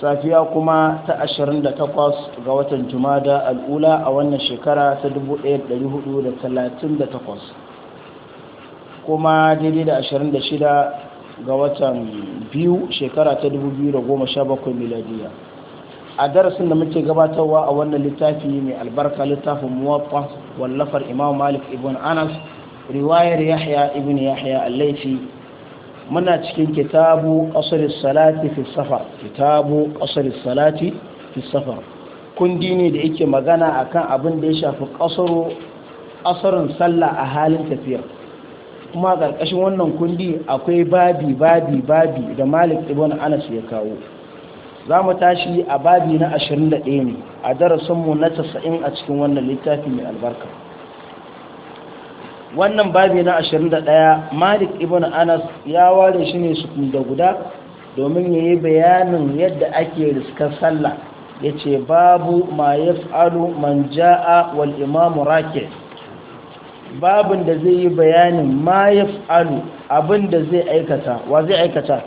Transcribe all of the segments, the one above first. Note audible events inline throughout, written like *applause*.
safiya kuma ta 28 ga watan jumada al'ula a wannan shekara ta 1438 kuma daidai da 26 ga watan biyu shekara ta 2017 miladiya a darasin da muke gabatarwa a wannan littafi mai albarka littafin muwaffa wallafar imam malik ibn anas riwayar yahya ibn yahya al-laifi muna cikin kitabu ƙasar salati fi safar kitabu salati fi safar kundi ne da yake magana akan abin da ya shafi ƙasaro ƙasarin sallah a halin tafiya kuma ƙarƙashin wannan kundi akwai babi babi babi da malik ibn anas ya kawo za mu tashi a babi na 21 ne a darasinmu na 90 a cikin wannan littafi mai albarka wannan babi na 21 malik ibn anas ya ware shi ne su da guda domin ya yi bayanin yadda ake riskar sallah ya ce babu ma ya man ja'a wal imamu rake babin da zai yi bayanin ma ya fa'alu abin da zai aikata wa zai aikata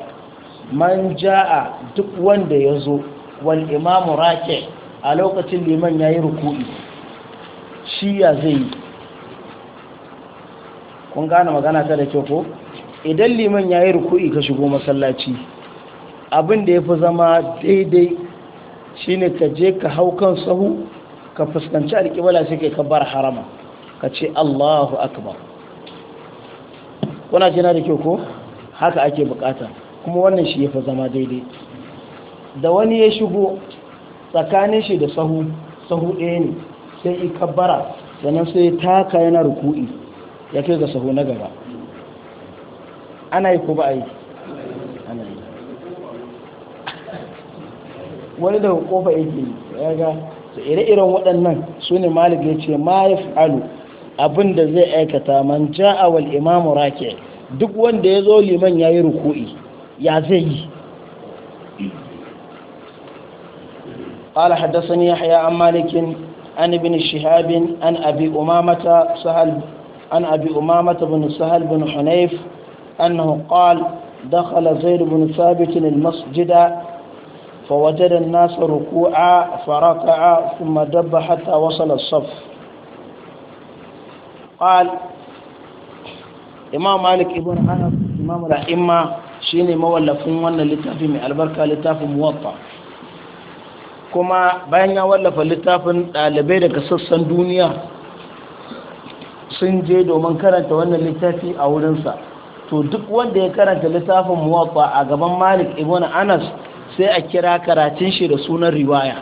man ja'a duk wanda ya zo wal imamu rake a lokacin liman ya yi ruku'i shi ya zai yi kun gane magana ta da kyau ko idan liman ya yi ruku'i ka shigo masallaci abin da ya fi zama daidai shi ne ka je ka hau kan sahu ka fuskanci alƙibala sai kai bar harama ka ce Allahu akbar kuna jina da kyau ko haka ake bukata kuma wannan shi ya fi zama daidai da wani ya shigo tsakanin shi da sahu sahu ɗaya ne sai ikabara sannan sai taka yana ruku'i ya ke ga saho na gaba ana yi ko ba a yi wani daga kofa yake yi ya ga su ire-iren waɗannan su ne malik ya ce ma ya fi'alu abin da zai aikata man ja'a wal imamu rake duk wanda ya zo liman ya yi ruku'i ya zai yi قال حدثني يحيى عن مالك عن ابن شهاب عن ابي امامه سهل عن أبي أمامة بن سهل بن حنيف أنه قال دخل زيد بن ثابت المسجد فوجد الناس ركوعا فركع ثم دب حتى وصل الصف قال إمام مالك ابن أنس إمام الأئمة shine mawallafin wannan littafi mai albarka littafin muwatta kuma bayan ya wallafa littafin ɗalibai daga sassan duniya sun je domin karanta wannan littafi a wurinsa to duk wanda ya karanta littafin muwaffa a gaban malik ibn anas sai a kira karatun shi da sunan riwaya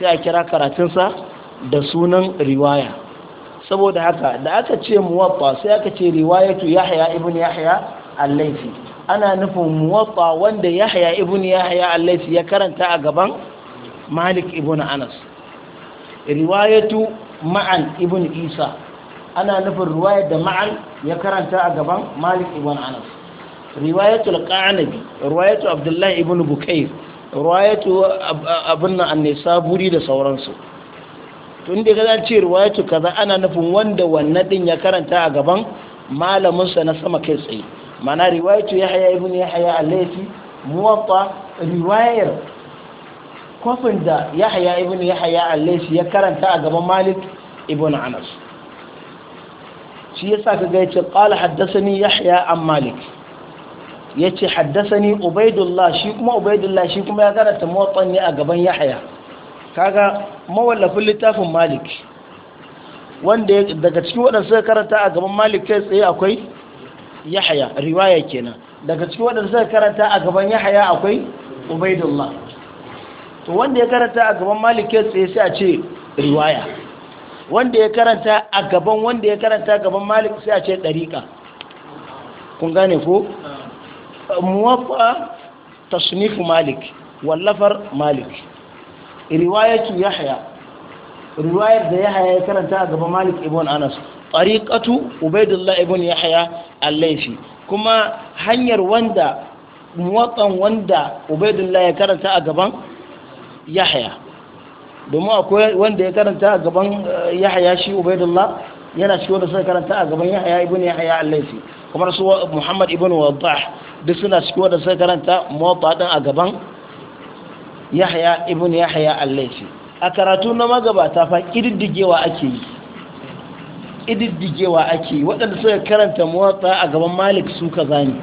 sai a kira karatunsa da sunan riwaya saboda haka da aka ce muwaffa sai aka ce riwayatu yahya ibn yahya al-laifi ana nufin muwaffa wanda yahya ibn yahya al-laifi ya karanta a gaban malik ibn anas riwayatu ma'an ibn isa ana nufin riwayar da ma'an ya karanta a gaban malik ibn anas riwayatul qanabi riwayatu abdullahi ibn bukair riwayatu abun an-nisaburi da sauransu tun da ga ce riwayatu kaza ana nufin wanda wannan din ya karanta a gaban malamin sa na sama kai tsaye mana riwayatu yahya ibn yahya al-laythi muwatta riwayar kofin da yahya ibn yahya al-laythi ya karanta a gaban malik ibn anas shi yasa kaga yace qala haddathani yahya an malik yace haddathani ubaidullah shi kuma ubaidullah shi kuma ya karanta muwattan ne a gaban yahya kaga mawallafin littafin malik wanda daga cikin waɗanda suka karanta a gaban malik kai tsaye akwai yahya riwaya kenan daga cikin waɗanda suka karanta a gaban yahya akwai ubaidullah to wanda ya karanta a gaban malik kai tsaye sai a ce riwaya wanda ya karanta a gaban wanda ya karanta gaban malik sai a ce ɗariƙa kun gane ko Muwafa tasnifu malik wallafar malik riwayatu yahya riwayar da yahya ya karanta a gaban malik ibn anas Ɗariƙatu ubaidullah ibn yahya al-laifi kuma hanyar wanda muwafan wanda ubaidullah ya karanta a gaban yahya domin akwai wanda ya karanta a gaban eh, yahaya shi ubaidullah yana cikin wanda suka karanta a gaban yahaya ibn yahaya al-laifi kamar su eh, muhammad ibn wadah duk suna cikin wanda suka karanta muwatta din a gaban yahaya ibn yahaya al a karatu na magabata fa kididdigewa ake yi kididdigewa ake yi waɗanda suka karanta muwatta a gaban malik su ka zani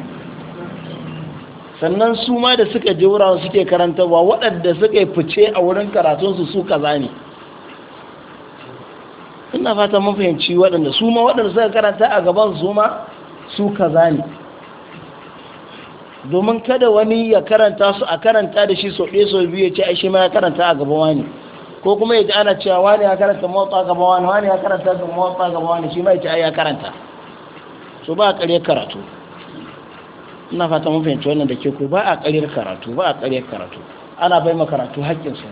sannan su ma da suka je wuraren suke karantarwa waɗanda suka yi fice a wurin karatunsu su kaza ne ina fata mun fahimci waɗanda su ma waɗanda suka karanta a gaban su ma su kaza ne domin kada wani ya karanta su a karanta da shi sau ɗaya sau biyu ya ce ai shi ma ya karanta a gaban wani ko kuma ya ji ana cewa wani ya karanta mawata gaban wani wani ya karanta mawata gaban wani shi ma ya ce ai ya karanta so ba a ƙarya karatu ina fata mun fahimci wannan da ke ko ba a ƙaryar karatu ba a ƙaryar karatu ana bai ma karatu haƙƙin su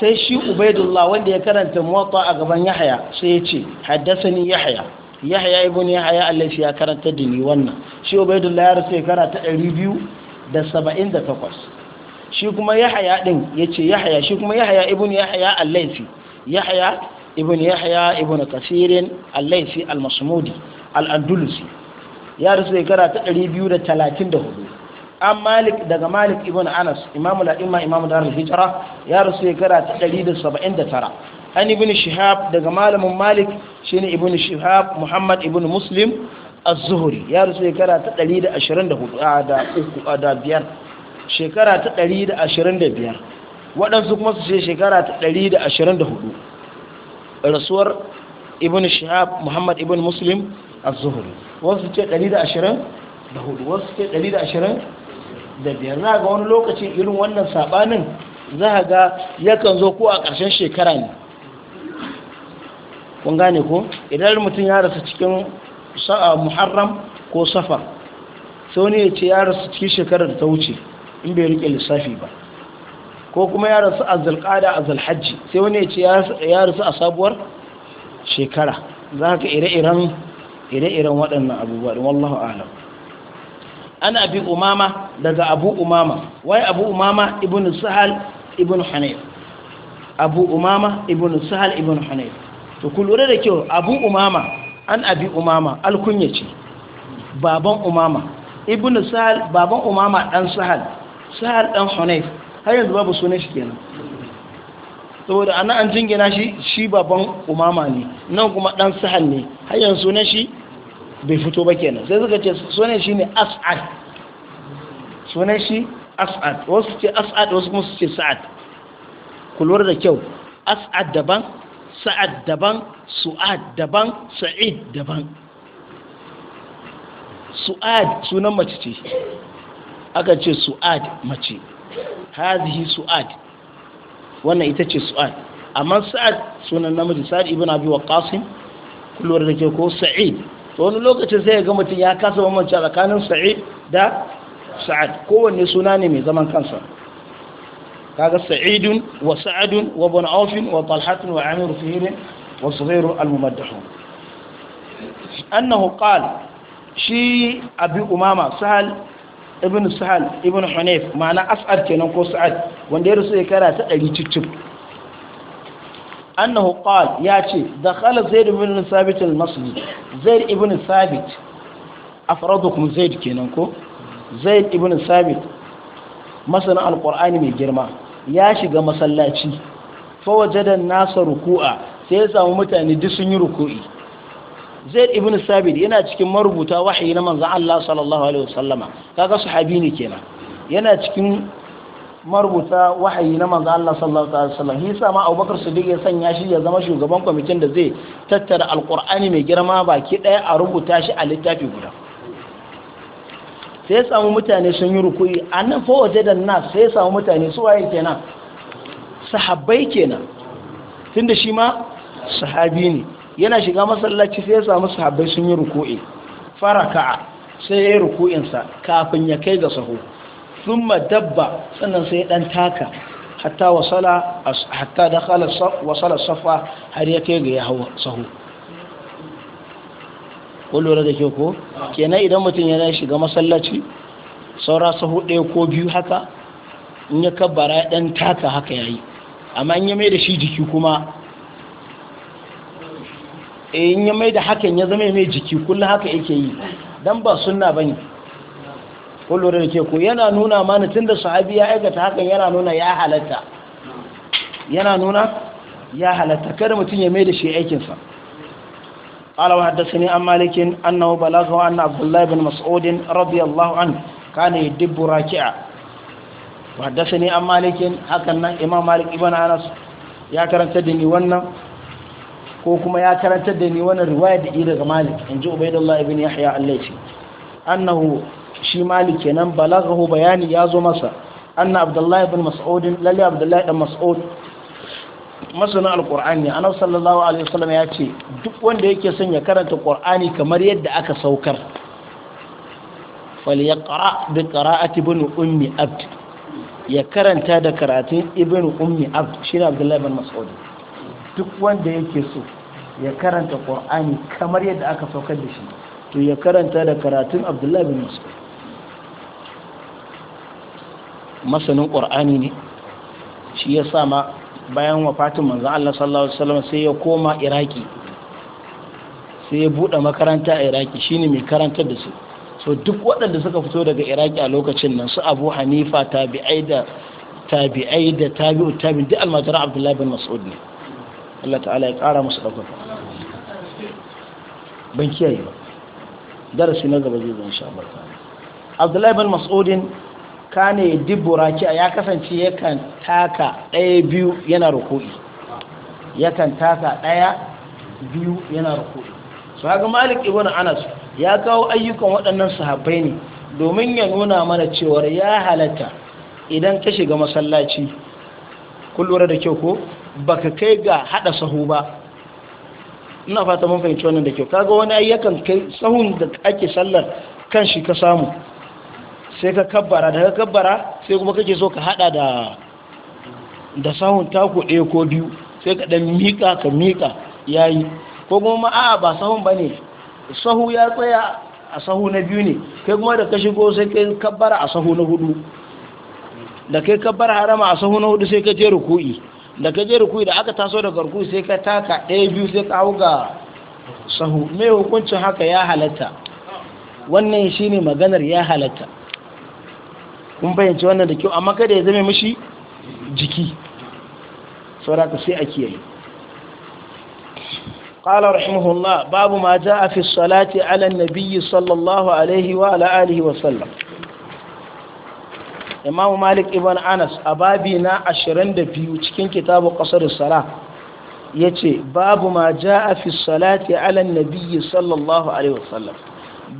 sai shi ubaidullah wanda ya karanta mota a gaban yahaya sai ya ce haddasani yahaya yahya ibn yahaya allafi ya karanta da ni wannan shi ubaidullah ya rasu ya karanta takwas shi kuma ɗin din yace yahaya shi kuma yahaya ibn yahaya ibu ne yahaya ibu ibn kasirin allafi almasmudi. al-andalusi ya rasu shekara ta 234 an malik daga malik ibn anas imamu la'imma imamu darul hijra ya rasu shekara ta 179 an ibn shihab daga malamin malik shi ne ibn shihab muhammad ibn muslim az-zuhri ya rasu shekara ta 124 da biyar shekara ta 125 waɗansu kuma su ce shekara ta 124 rasuwar ibn shihab muhammad ibn muslim az-zuhri wasu ce 124 wasu ce 125 na ga wani lokaci irin wannan sabanin za a ga yakan zo ko a ƙarshen shekara ne kun gane ko idan mutum ya rasu cikin muharram ko safar sau ne ya ce ya rasu cikin shekarar ta wuce in bai rike lissafi ba ko kuma ya rasu a zalƙada a zalhajji sai wani ya ce ya rasu a sabuwar shekara za ka ire-iren ire-iren waɗannan abubuwa din wallahu a'lam an abi umama daga abu umama wai abu umama ibn sahal ibn hanif abu umama ibn sahal ibn hanif to ku lura da kyau abu umama an abi umama alkunya ce baban umama ibn sahal baban umama dan sahal sahal dan hanif har yanzu babu sunan shi kenan saboda ana an jingina shi shi baban umama ne nan kuma dan sahal ne har yanzu ne shi bai fito ba kenan sai suka ce sunan shi ne as'ad sunan shi as'ad wasu ce as'ad wasu kuma su ce sa'ad kulwar da kyau as'ad daban sa'ad daban su'ad daban sa'id daban su'ad sunan mace ce aka ce su'ad mace hazihi su'ad wannan ita ce su'ad amma sa'ad sunan namiji sa'ad ibn abi waqqas kullur da ke ko sa'id to wani lokacin sai ya ga mutum ya kasa bambanci tsakanin sa'id da sa'ad kowanne suna ne mai zaman kansa kaga sa'idun wa sa'adun wa ibn aufin wa talhatun wa amir fihirin wa sughairu al-mumaddahun annahu qala shi abi umama sahal ibn sahal ibn hunayf ma'ana as'ad kenan ko sa'ad wanda ya rasu ya ta 100 cicif annahu qal ya ce dakhala zaid ibn sabit al-masri zaid ibn sabit afradukum zaid kenan ko zaid ibn sabit masana al-qur'ani mai girma ya shiga masallaci fa wajada an-nasa ruku'a sai ya samu mutane duk sun yi ruku'i zaid ibn sabit yana cikin marubuta wahayi na manzon Allah sallallahu alaihi wasallama kaga sahabi ne kenan yana cikin marubuta wahayi na manzon Allah sallallahu alaihi wasallam hisa ma Abubakar Siddiq ya sanya shi ya zama shugaban kwamitin da zai tattara alqur'ani mai girma baki daya a rubuta shi a littafi guda sai ya samu mutane sun yi rukuyi nan fa waje da nas sai ya samu mutane su waye kenan sahabbai kenan tunda shi ma sahabi ne yana shiga masallaci sai ya samu sahabbai sun yi ruku'i faraka'a sai ya yi ruku'insa kafin ya kai ga sahu thumma dabba sannan sai ya dan taka hatta wasala hatta wasala safa har ya kai ga ya hau sahu Kullum da ke ko kenan idan mutum yana shiga masallaci saura sahu ɗaya ko biyu haka in ya kabbara ya dan taka haka yayi amma in ya mai da shi jiki kuma Eh, in ya mai da hakan ya zama mai jiki kullum haka yake yi Dan ba suna ba ne kullum da ke ku yana nuna mana tun da sahabi ya aikata hakan yana nuna ya halatta yana nuna ya halatta kada mutum ya mai da shi aikinsa alawa haddasa ne an malikin annawa balazo anna abdullahi bin mas'udin radiyallahu an kane dibbu raki'a haddasa ne an malikin hakan nan imam malik ibn anas ya karanta da ni wannan ko kuma ya karantar da ni wannan riwaya da ira ga malik in ji ubaidullah ibn yahya allaisi annahu shi malik kenan balaghahu bayani ya zo masa anna abdullahi ibn mas'ud lalle abdullahi dan mas'ud masana alqur'ani annabi sallallahu alaihi wasallam ya ce duk wanda yake son ya karanta qur'ani kamar yadda aka saukar falyaqra bi qira'ati ibn ummi abd ya karanta da karatun ibn ummi abd shi abdullahi ibn mas'ud duk wanda yake so ya karanta qur'ani kamar yadda aka saukar da shi to ya karanta da karatun abdullahi bin mas'ud masanin qur'ani ne shi ya sa ma bayan wafatin manzan Allah sallallahu ala'uwa sai ya koma iraki sai ya buɗe makaranta a iraki shi ne mai karantar da su so duk waɗanda suka fito daga iraki a lokacin nan su abu hanifa tabi'ai da tabi'ai da tabi'u tabi'u duk almajiran abdullahi bin mas'ud ne Allah ta'ala ya ƙara musu ɗaukaka ban kiyaye ba darasi na gaba zai zan sha abdullahi bin mas'udin kane dibura ki ya kasance yakan taka ɗaya biyu yana ruku'i yakan taka ɗaya biyu yana su haka malik ibn anas ya kawo ayyukan waɗannan sahabbai ne domin ya nuna mana cewar ya halatta idan ka shiga masallaci kullum da kyau ko baka kai ga hada sahu ba ina fata mun fahimci wannan da kyau kaga wani kai sahun da ake sallar kanshi shi ka samu sai ka kabbara da ka kabbara sai kuma kake so ka hada da da sahun taku ɗaya ko biyu sai ka dan mika ka mika yayi ko kuma ma a'a ba sahun bane sahu ya tsaya a sahu na biyu ne kai kuma da ka shigo sai kai kabbara a sahu na hudu da kai kabbara harama a sahu na hudu sai ka je ruku'i da ka je da aka taso daga garku sai ka taka ɗaya biyu sai ka ga sahu mai hukuncin haka ya halatta wannan shi ne maganar ya halatta kun fahimci wannan da kyau amma kada ya zame mishi jiki sauraka sai a kiyaye قال رحمه الله باب ما جاء في الصلاة على النبي صلى الله عليه وعلى آله وسلم imamu malik ibn anas a babi na 22 cikin kitabu qasar sala yace babu ma jaa fi salati ala nabiyyi sallallahu alaihi wasallam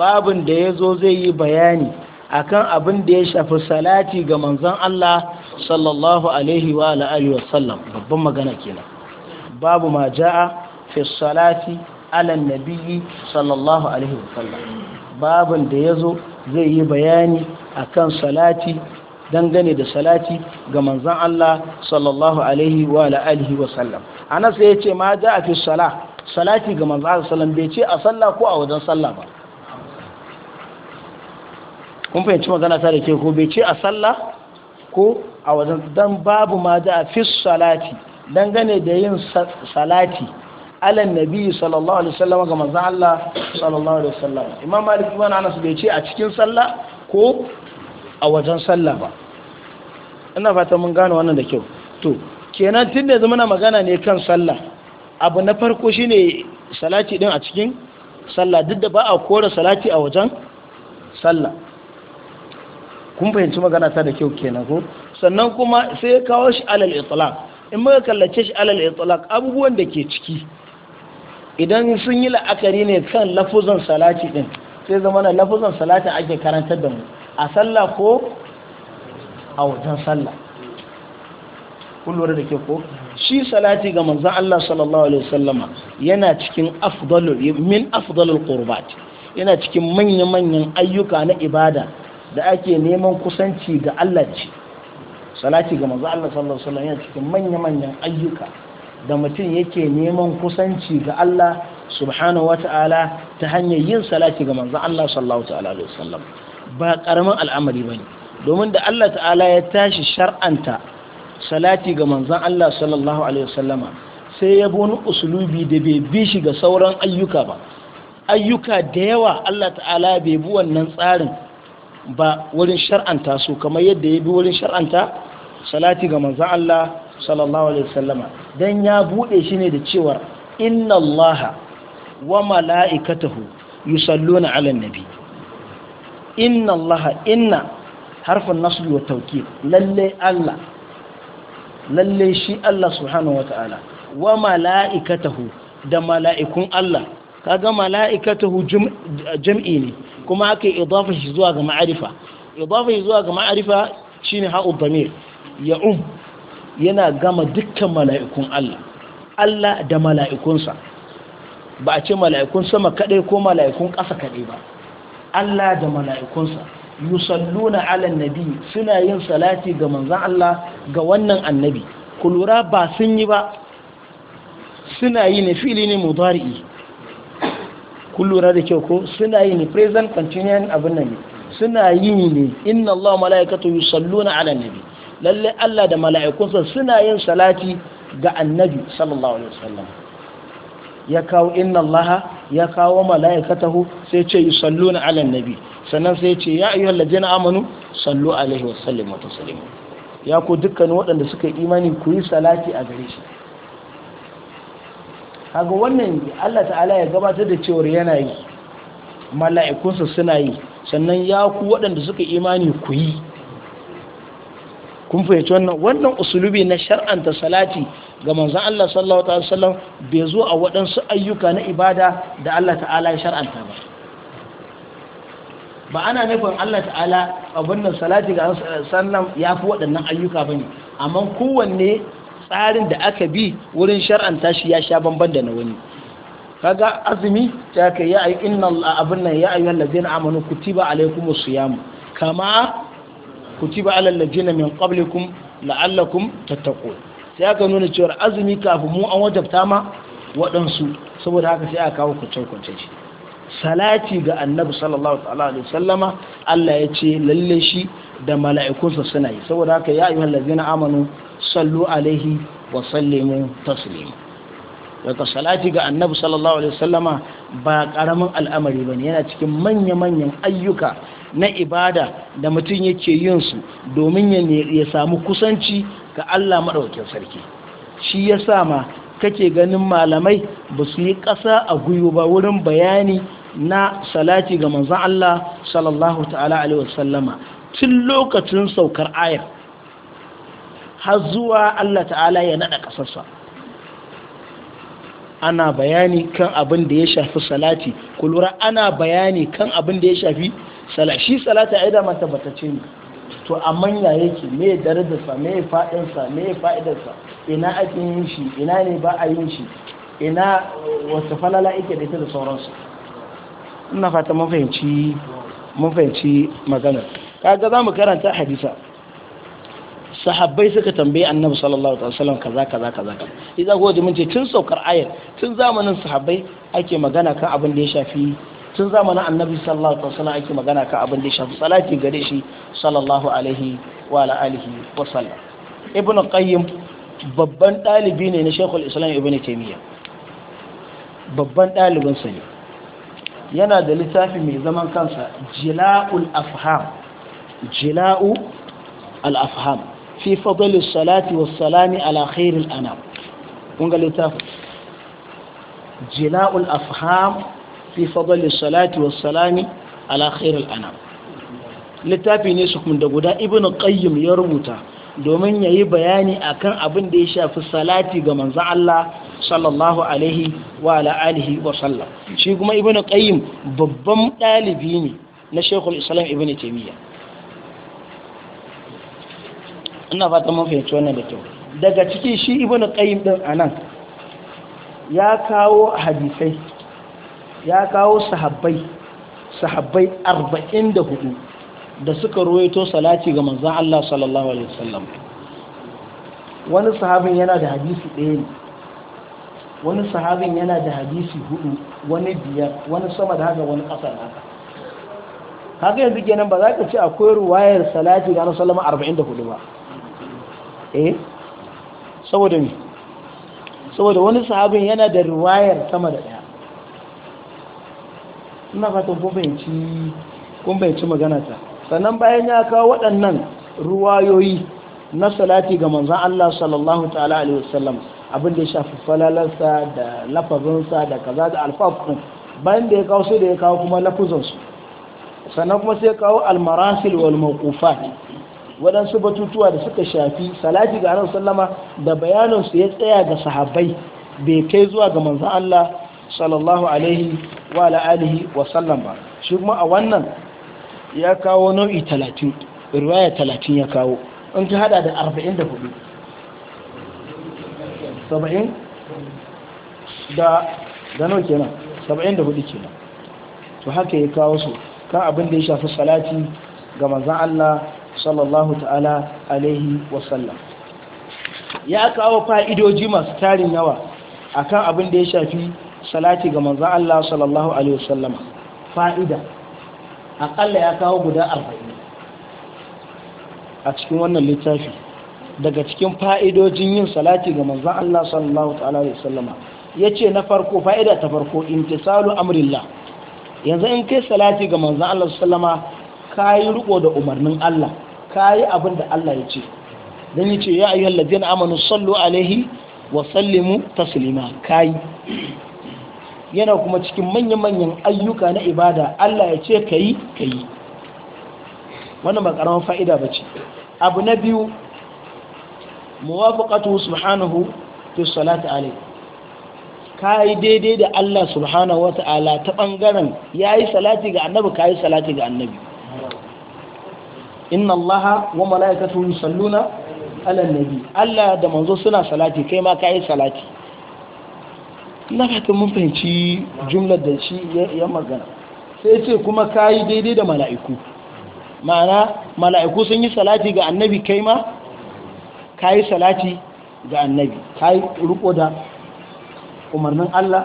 babin da yazo zai yi bayani akan abin da ya shafi salati ga manzon Allah sallallahu alaihi wa alihi wasallam babban magana kenan babu ma jaa fi salati ala nabiyyi sallallahu alaihi wasallam babin da yazo zai yi bayani akan salati dangane da salati ga manzon Allah sallallahu alaihi wa alihi wa sallam anas sai yace ma ja fi sala salati ga manzon Allah sallam bai ce a sallah ko a wajen sallah ba kun fahimci magana ta da ke ko bai ce a sallah ko a wajen dan babu ma ja fi salati dangane da yin salati alan nabi sallallahu alaihi wasallam ga manzon Allah sallallahu alaihi wasallam imam malik ibn anas bai ce a cikin sallah ko a wajen sallah ba ina fata mun gano wannan da kyau to kenan tun da yanzu muna magana ne kan sallah abu na farko shine salati din a cikin sallah duk da ba a kora salati a wajen sallah kun fahimci magana ta da kyau kenan ko sannan kuma sai ya kawo shi alal itlaq in muka kallace shi alal itlaq abubuwan da ke ciki idan sun yi la'akari ne kan lafuzan salati din sai zama na lafuzan salati ake karantar da mu a sallah ko a wajen sallah kullum da ke ko shi salati ga manzan Allah sallallahu alaihi wasallama yana cikin afdalul min afdalul qurbat yana cikin manya-manyan ayyuka na ibada da ake neman kusanci ga Allah ce salati ga manzan Allah sallallahu alaihi wasallama yana cikin manya-manyan ayyuka da mutum yake neman kusanci ga Allah subhanahu wa ta'ala ta hanyar yin salati ga manzan Allah sallallahu alaihi wasallama ba ƙaramin al'amari ba ne domin da Allah ta'ala ya tashi shar'anta salati ga manzan Allah sallallahu alaihi wasallama sai ya bi wani usulubi da bai bi shi ga sauran ayyuka ba ayyuka da yawa Allah ta'ala bai bi wannan tsarin ba wurin shar'anta su kamar yadda ya bi wurin shar'anta salati ga manzan Allah sallallahu alaihi wasallama dan ya bude shi ne da cewa inna Allah wa mala'ikatahu yusalluna 'alan nabi inna Allaha inna harfin nasli wa tawkid lalle Allah lalle shi Allah subhanahu wa ta'ala wa mala'ikatahu da mala'ikun Allah kaga mala'ikatahu jam'i ne kuma aka idafa shi zuwa ga ma'arifa idafa shi zuwa ga ma'arifa shine ha'u damir ya um yana gama dukkan mala'ikun Allah Allah da mala'ikunsa ba a ce mala'ikun sama kadai ko mala'ikun ƙasa kadai ba Allah da mala'ikunsa yusalluna ala nabi suna yin salati ga manzan Allah ga wannan annabi ku lura ba sun yi ba suna yi ne fili ne mudari'i ku lura da kyau ko suna yi ne present continuing abin nan ne suna yi ne inna Allah mala'ikatu yusalluna ala nabi lalle Allah da mala'ikunsa suna yin salati ga annabi sallallahu alaihi wasallam ya kawo inna allaha ya kawo mala'ikatahu sai ce na alal nabi sannan sai ce ya ayyuhal ladina amanu sallu alaihi wa wa taslima ya ku dukkan waɗanda suka yi imani ku yi salati a gare shi Haga wannan Allah ta'ala ya gabatar da cewar yana yi mala'ikunsa suna yi sannan ya ku waɗanda suka imani ku yi kun fahimci wannan wannan usulubi na shar'anta salati ga manzon Allah sallallahu alaihi wasallam bai zo a waɗansu ayyuka na ibada da Allah ta'ala ya shar'anta ba ba ana nufin Allah ta'ala abin nan salati ga sallam ya fi waɗannan ayyuka bane amma kowanne tsarin da aka bi wurin shar'anta shi ya sha bamban da na wani kaga azumi ta ka ya ayi inna abin nan ya ayyuhal ladzina amanu kutiba alaykumus siyam kama kutiba alal ladina min qablikum la'allakum tattaqun sai aka nuna cewa azumi kafin mu an wajabta ma waɗansu saboda haka sai aka kawo kucin kucin shi salati ga annabi sallallahu alaihi wasallama Allah ya ce lalle shi da mala'ikunsa suna yi saboda haka ya ayyuhal ladina amanu sallu alaihi wa sallimu taslima daga salati ga annabi sallallahu alaihi wasallama ba karamin al'amari bane yana cikin manya-manyan ayyuka na ibada da mutum yake yin su domin ya samu kusanci ga Allah maɗaukin sarki shi ya sa ma kake ganin malamai ba su yi ƙasa a gwiwa ba wurin bayani na salati ga manzan Allah sallallahu ta'ala alaihi wasallama tun lokacin saukar ayar har zuwa Allah ta'ala ya naɗa ƙasarsa ana bayani kan abin da ya shafi salati kulura ana bayani kan abin da ya shafi sala shi salata yi da mata bata ce ne to amma ya yake me darajarsa me faɗinsa me fa'idarsa ina ake yin shi ina ne ba a yin shi ina wasu falala ike da ita da sauransu ina fata mafahimci mafahimci maganar kaga za mu karanta hadisa sahabbai suka tambaye annabi sallallahu alaihi wasallam kaza kaza kaza idan ko da mun ce tun saukar ayat tun zamanin sahabbai ake magana kan abin da ya shafi tun zamanin annabi sallallahu alaihi wasallam ake magana ka abin da shafi salati gare shi sallallahu alaihi wa ala alihi wa sallam ibnu qayyim babban dalibi ne na shaykhul islam ibnu taymiya babban dalibin sa ne yana da littafi mai zaman kansa jila'ul afham jila'u al-afham fi fadli salati was salami ala khairil anam kun ga littafin jila'ul afham fi fadli salati wa salami ala anam littafi ne su da guda ibn qayyim ya rubuta domin yayi bayani akan abin da ya shafi salati ga manzo Allah sallallahu alaihi wa ala alihi wa sallam shi kuma ibn qayyim babban dalibi ne na shekul islam ibn taymiya ina fata mun fahimci wannan da kyau daga ciki shi ibn qayyim din anan ya kawo hadisai ya kawo sahabbai sahabbai 44 da suka ruwaito salati ga manzon Allah sallallahu alaihi wasallam wani sahabin yana da hadisi ɗaya ne wani sahabin yana da hadisi hudu wani biyar wani sama da haka wani ƙasa da haka haka yanzu kenan ba za ka ci akwai ruwayar salati ga sallama arba'in da hudu ba eh saboda saboda wani sahabin yana da ruwayar sama da ɗaya suna fatan kun maganata sannan bayan ya kawo waɗannan ruwayoyi na salati ga manzan Allah sallallahu ta'ala alaihi wasallam abin da ya shafi falalarsa da lafazinsa da kaza da alfafin bayan da ya kawo sai da ya kawo kuma lafuzansu sannan kuma sai ya kawo almarasil wal waɗansu batutuwa da suka shafi salati ga annabi sallama da bayaninsu ya tsaya ga sahabbai bai kai zuwa ga manzan Allah sallallahu alaihi wa ala alihi wa sallam ba shi kuma a wannan ya kawo nau'i talatin riwaya talatin ya kawo in ka hada da arba'in da hudu saba'in da da kenan saba'in da hudu kenan to haka ya kawo su kan abin da ya shafi salati ga manzan Allah sallallahu ta'ala alaihi wasallam ya kawo fa'idoji masu tarin yawa akan abin da ya shafi salati ga manzon Allah sallallahu alaihi wasallam fa'ida aƙalla ya kawo guda 40 a cikin wannan littafi daga cikin fa'idojin yin salati ga manzon Allah sallallahu alaihi wasallam yace na farko fa'ida ta farko intisalu amrillah yanzu in kai salati ga manzon Allah sallama kayi riko da umarnin Allah kayi abin da Allah ya ce dan yace ya ayyuhallazina amanu sallu alaihi wa sallimu taslima kayi yana kuma cikin manyan-manyan ayyuka na ibada Allah ya ce ka yi ka yi wannan ba fa'ida ba ce abu na biyu muwafaƙatu subhanahu fi salatu alai ka yi daidai da Allah subhanahu wa ta'ala ta ɓangaren ya yi salati ga annabi ka yi salati ga annabi inna Allah wa mala'ikatu salluna ala nabi Allah da manzo suna salati kai ma ka yi salati na fata mun fahimci jumlar da shi ya magana sai ce kuma ka yi daidai da mala'iku ma'ana mala'iku sun yi salati ga annabi kai ma ka yi salati ga annabi ka yi riko da umarnin Allah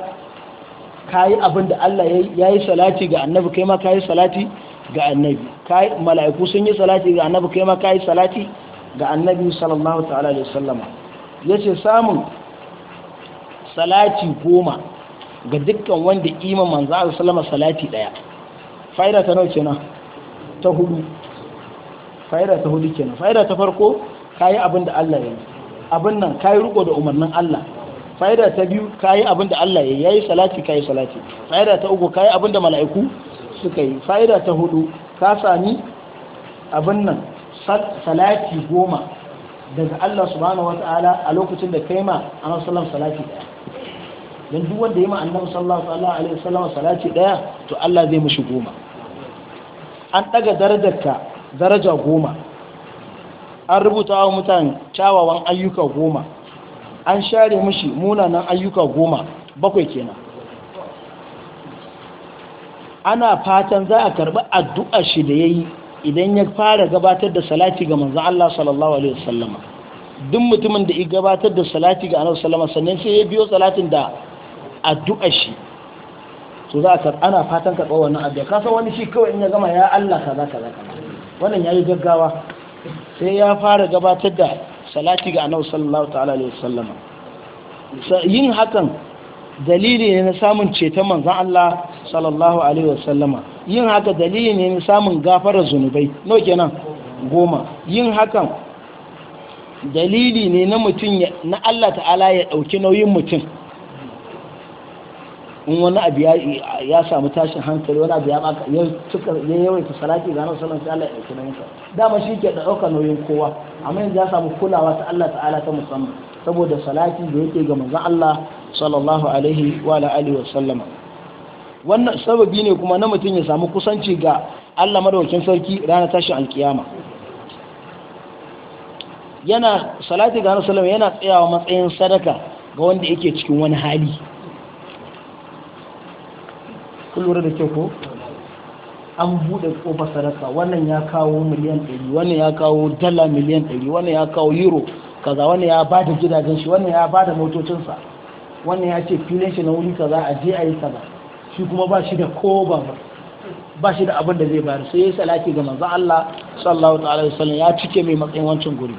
ka yi abin da Allah ya yi salati ga annabi kai ma ka yi salati ga annabi mala'iku sun yi salati ga annabi kai ma ka yi salati ga annabi sallallahu ta'ala da sallama ya ce samun salati goma ga dukkan wanda iman manzo Allah sallama salati daya fa'ida ta nawa kenan ta hudu fa'ida ta hudu kenan fa'ida ta farko kayi abinda Allah ya yi abin nan kayi riko da umarnin Allah fa'ida ta biyu kayi abinda Allah ya yi salati kai salati fa'ida ta uku kayi abinda mala'iku suka yi fa'ida ta hudu ka sami abin nan salati goma daga Allah subhanahu wata'ala a lokacin da kaima a sallam salati daya don duk wanda ya ma annabi sallallahu alaihi wasallam salati daya to Allah zai mishi goma an daga darajarka daraja goma an rubuta wa mutane kyawawan ayyuka goma an share mishi munanan ayyuka goma bakwai kenan ana fatan za a karɓi addu'a shi da ya idan ya fara gabatar da salati ga manzan Allah sallallahu Alaihi duk mutumin da ya gabatar da salati ga annabi sallama sannan sai ya biyo salatin da addu'a shi to za ka ana fatan ka tsawon abu ya kasa wani shi kawai in ya gama ya Allah kaza kaza kaza wannan yayi gaggawa sai ya fara gabatar da salati ga annabi sallallahu ta'ala alaihi wasallam yin hakan dalili ne na samun ceton manzon Allah sallallahu alaihi Sallama. yin haka dalili ne na samun gafarar zunubai no kenan goma yin hakan dalili ne na mutum na Allah ta'ala ya ɗauki nauyin mutum in wani abu ya samu tashin hankali wani abu ya maka ya suka ya yawaita salati ga nan sallan sai Allah ya dauki nan dama shi ke dauka nauyin kowa amma yanzu ya samu kulawa ta Allah ta'ala ta musamman saboda salati da yake ga manzon Allah sallallahu alaihi wa alihi wa wannan sababi ne kuma na mutum ya samu kusanci ga Allah madaukakin sarki ranar tashin alkiyama yana salati ga nan sallama yana tsayawa matsayin sadaka ga wanda yake cikin wani hali kun lura da kyau ko an buɗe kofar sadaka wannan ya kawo miliyan ɗari wannan ya kawo dala miliyan ɗari wannan ya kawo euro kaza wannan ya ba da gidajen shi wannan ya ba da motocinsa wannan ya ce filin shi na wuri kaza a je a yi kaza shi kuma ba shi da ko ba ba shi da abin da zai bayar sai ya salati ga manzo Allah sallallahu ta'ala wasallam ya cike mai matsayin wancan guri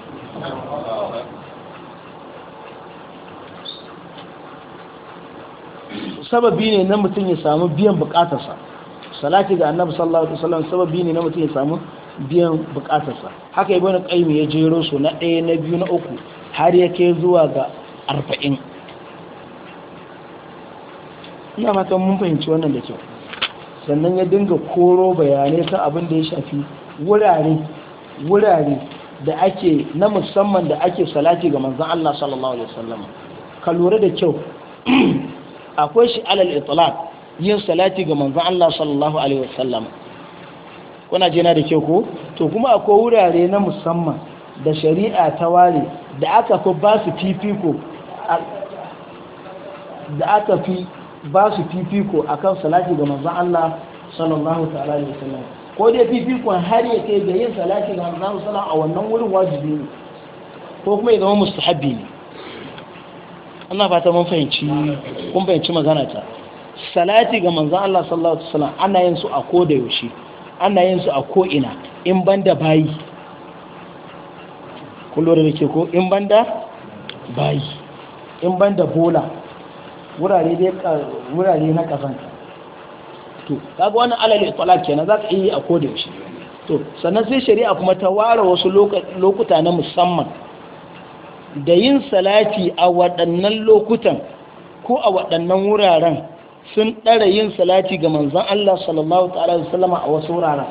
sababi ne na mutum ya samu biyan bukatarsa salati ga annabi sallallahu alaihi wasallam sababi ne na mutum ya samu biyan bukatarsa haka ibn qayyim ya jero su na ɗaya na biyu na uku har ya kai zuwa ga arba'in ina mata mun fahimci wannan da kyau sannan ya dinga koro bayanai ta abin da ya shafi wurare wurare da ake na musamman da ake salati ga manzon Allah sallallahu alaihi wasallam ka lura da kyau *clears throat* akwai shi alal itlaq yin salati ga manzon Allah sallallahu alaihi wasallam kuna jina da ke ko to kuma akwai wurare na musamman da shari'a ta ware da aka fi ba su fifiko da aka fi ba su fifiko akan salati ga manzon Allah sallallahu ta'ala alaihi wasallam ko dai fifikon har ya kai yin salati ga manzon Allah a wannan wurin wajibi ne ko kuma ya zama mustahabbi ne ina fata mun fahimci kun fahimci magana ta salati ga manzon Allah sallallahu alaihi wasallam ana yin su a ko da yaushe ana yin su a ko ina in banda bayi kun lura da ke ko in banda bayi in banda bola wurare dai wurare na kazanta to kaga wannan alali salat kenan zaka yi a ko da yaushe to sannan sai shari'a kuma ta ware wasu lokuta na musamman da yin salati a waɗannan lokutan ko a waɗannan wuraren sun ɗara yin salati ga manzan Allah sallallahu ta'ala da sallama a wasu wuraren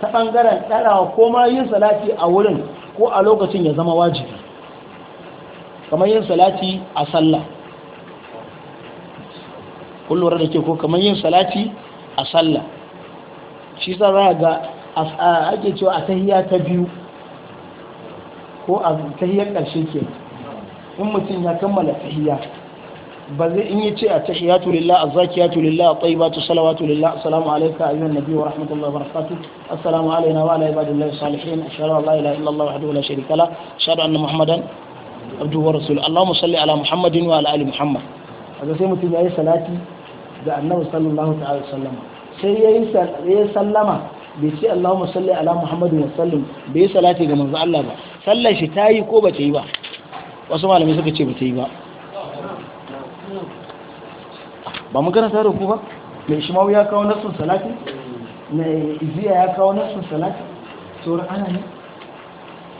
ta ɓangaren ɗarawa ko ma yin salati a wurin ko a lokacin ya zama wajibi kamar yin salati a sallah kullum da ke ko kamar yin salati a sallah shi sa za ga ake cewa a tahiya ta biyu ko a tahiyar ƙarshe ke. in mutum ya kammala tahiyya ba zai in yi ce a tahiyatu lillah azzakiyatu lillah tayyibatu salawatu lillah assalamu alayka ayyuhan nabiy wa rahmatullahi wa barakatuh assalamu alayna wa ala ibadillahi salihin ashhadu an la ilaha illa allah wahdahu la sharika la ashhadu anna muhammadan abduhu wa rasuluhu allahumma salli ala muhammadin wa ala ali muhammad kaga sai mutum yayi salati ga annabi sallallahu ta'ala wasallam sai yayi sallama bai ce allahumma salli ala muhammadin wa sallim bai salati ga manzo Allah ba sallar shi yi ko ba ta yi ba wasu malamai suka ce bata yi ba ba mu gana da ku ba mai shimawu ya kawo nassun salati mai iziya ya kawo nassun salati tsoron ana ne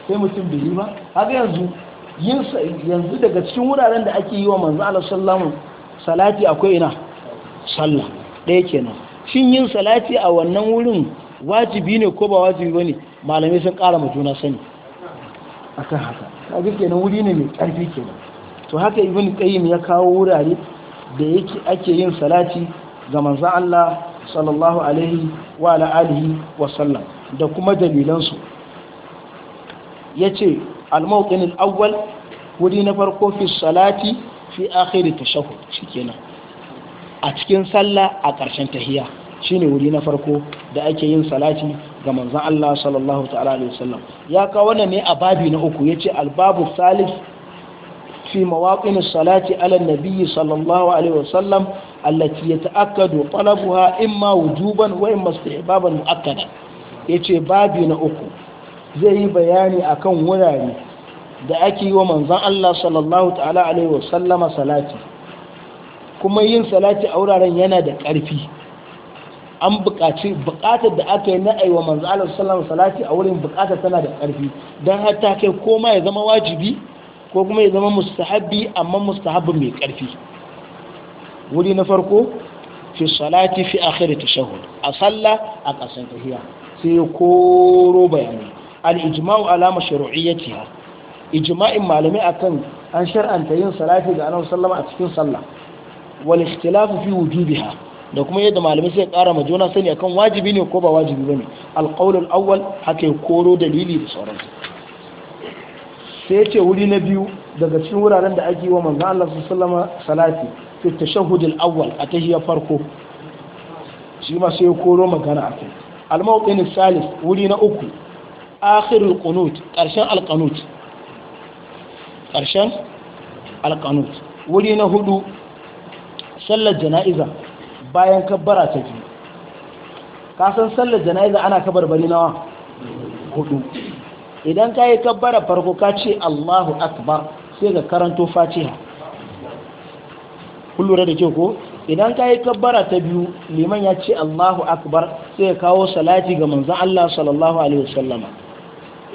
sai mutum bai yi ba haka yanzu yanzu daga cikin wuraren da ake yi wa manzu Allah salati akwai ina sallah ɗaya kenan shin yin salati a wannan wurin wajibi ne ko ba wajibi ne malamai sun ƙara mu juna sani akan haka kaga kenan wuri ne mai karfi kenan to haka ibn qayyim ya kawo wurare da yake ake yin salati ga manzon Allah sallallahu alaihi wa ala alihi wa sallam da kuma dalilan su yace al-mawqin al-awwal wuri na farko fi salati fi akhir tashahhud shikenan a cikin sallah a ƙarshen tahiyya shine wuri na farko da ake yin salati ga manzan Allah sallallahu ta'ala alaihi wasallam ya kawo wannan ne a babi na uku yace albabu salif fi mawaqin salati ala nabiyyi sallallahu alaihi wasallam allati yata'akkadu talabuha imma wujuban wa imma istihbaban muakkada yace babi na uku zai yi bayani akan wurare da ake yi wa manzan Allah sallallahu ta'ala alaihi wasallama salati kuma yin salati a wuraren yana da ƙarfi an buƙaci buƙatar da aka yi na aiwa manzo Allah sallallahu salati a wurin buƙatar tana da ƙarfi dan har ta kai ko ya zama wajibi ko kuma ya zama mustahabbi amma mustahabbi mai ƙarfi wuri na farko fi salati fi akhir tashahhud a salla a ƙasan tahiyya sai ya koro bayani al ijma'u ala mashru'iyyatiha ijma'in malami akan an shar'anta yin salati ga annabi sallallahu alaihi wasallam a cikin sallah wal ikhtilafu fi wujubiha da kuma yadda malamai sai kara ma juna sani akan wajibi ne ko ba wajibi bane alqaulul awwal haka ya koro dalili da sauransu sai ce wuri na biyu daga cikin wuraren da ake yi wa manzon Allah sallallahu alaihi salati fi tashahhud awwal a tahiyya farko shi ma sai ya koro magana akai al salis wuri na uku akhirul qunut karshen al karshen al wuri na hudu sallar jana'iza bayan kabbara ta biyu kasan sallar jana'iza ana kabar bari nawa hudu idan ka yi kabbara farko ka ce allahu akbar sai ga karanto fatiha kun da ke ko idan ka yi kabbara ta biyu liman ya ce allahu akbar sai kawo salati ga manzan allah sallallahu alaihi wasallama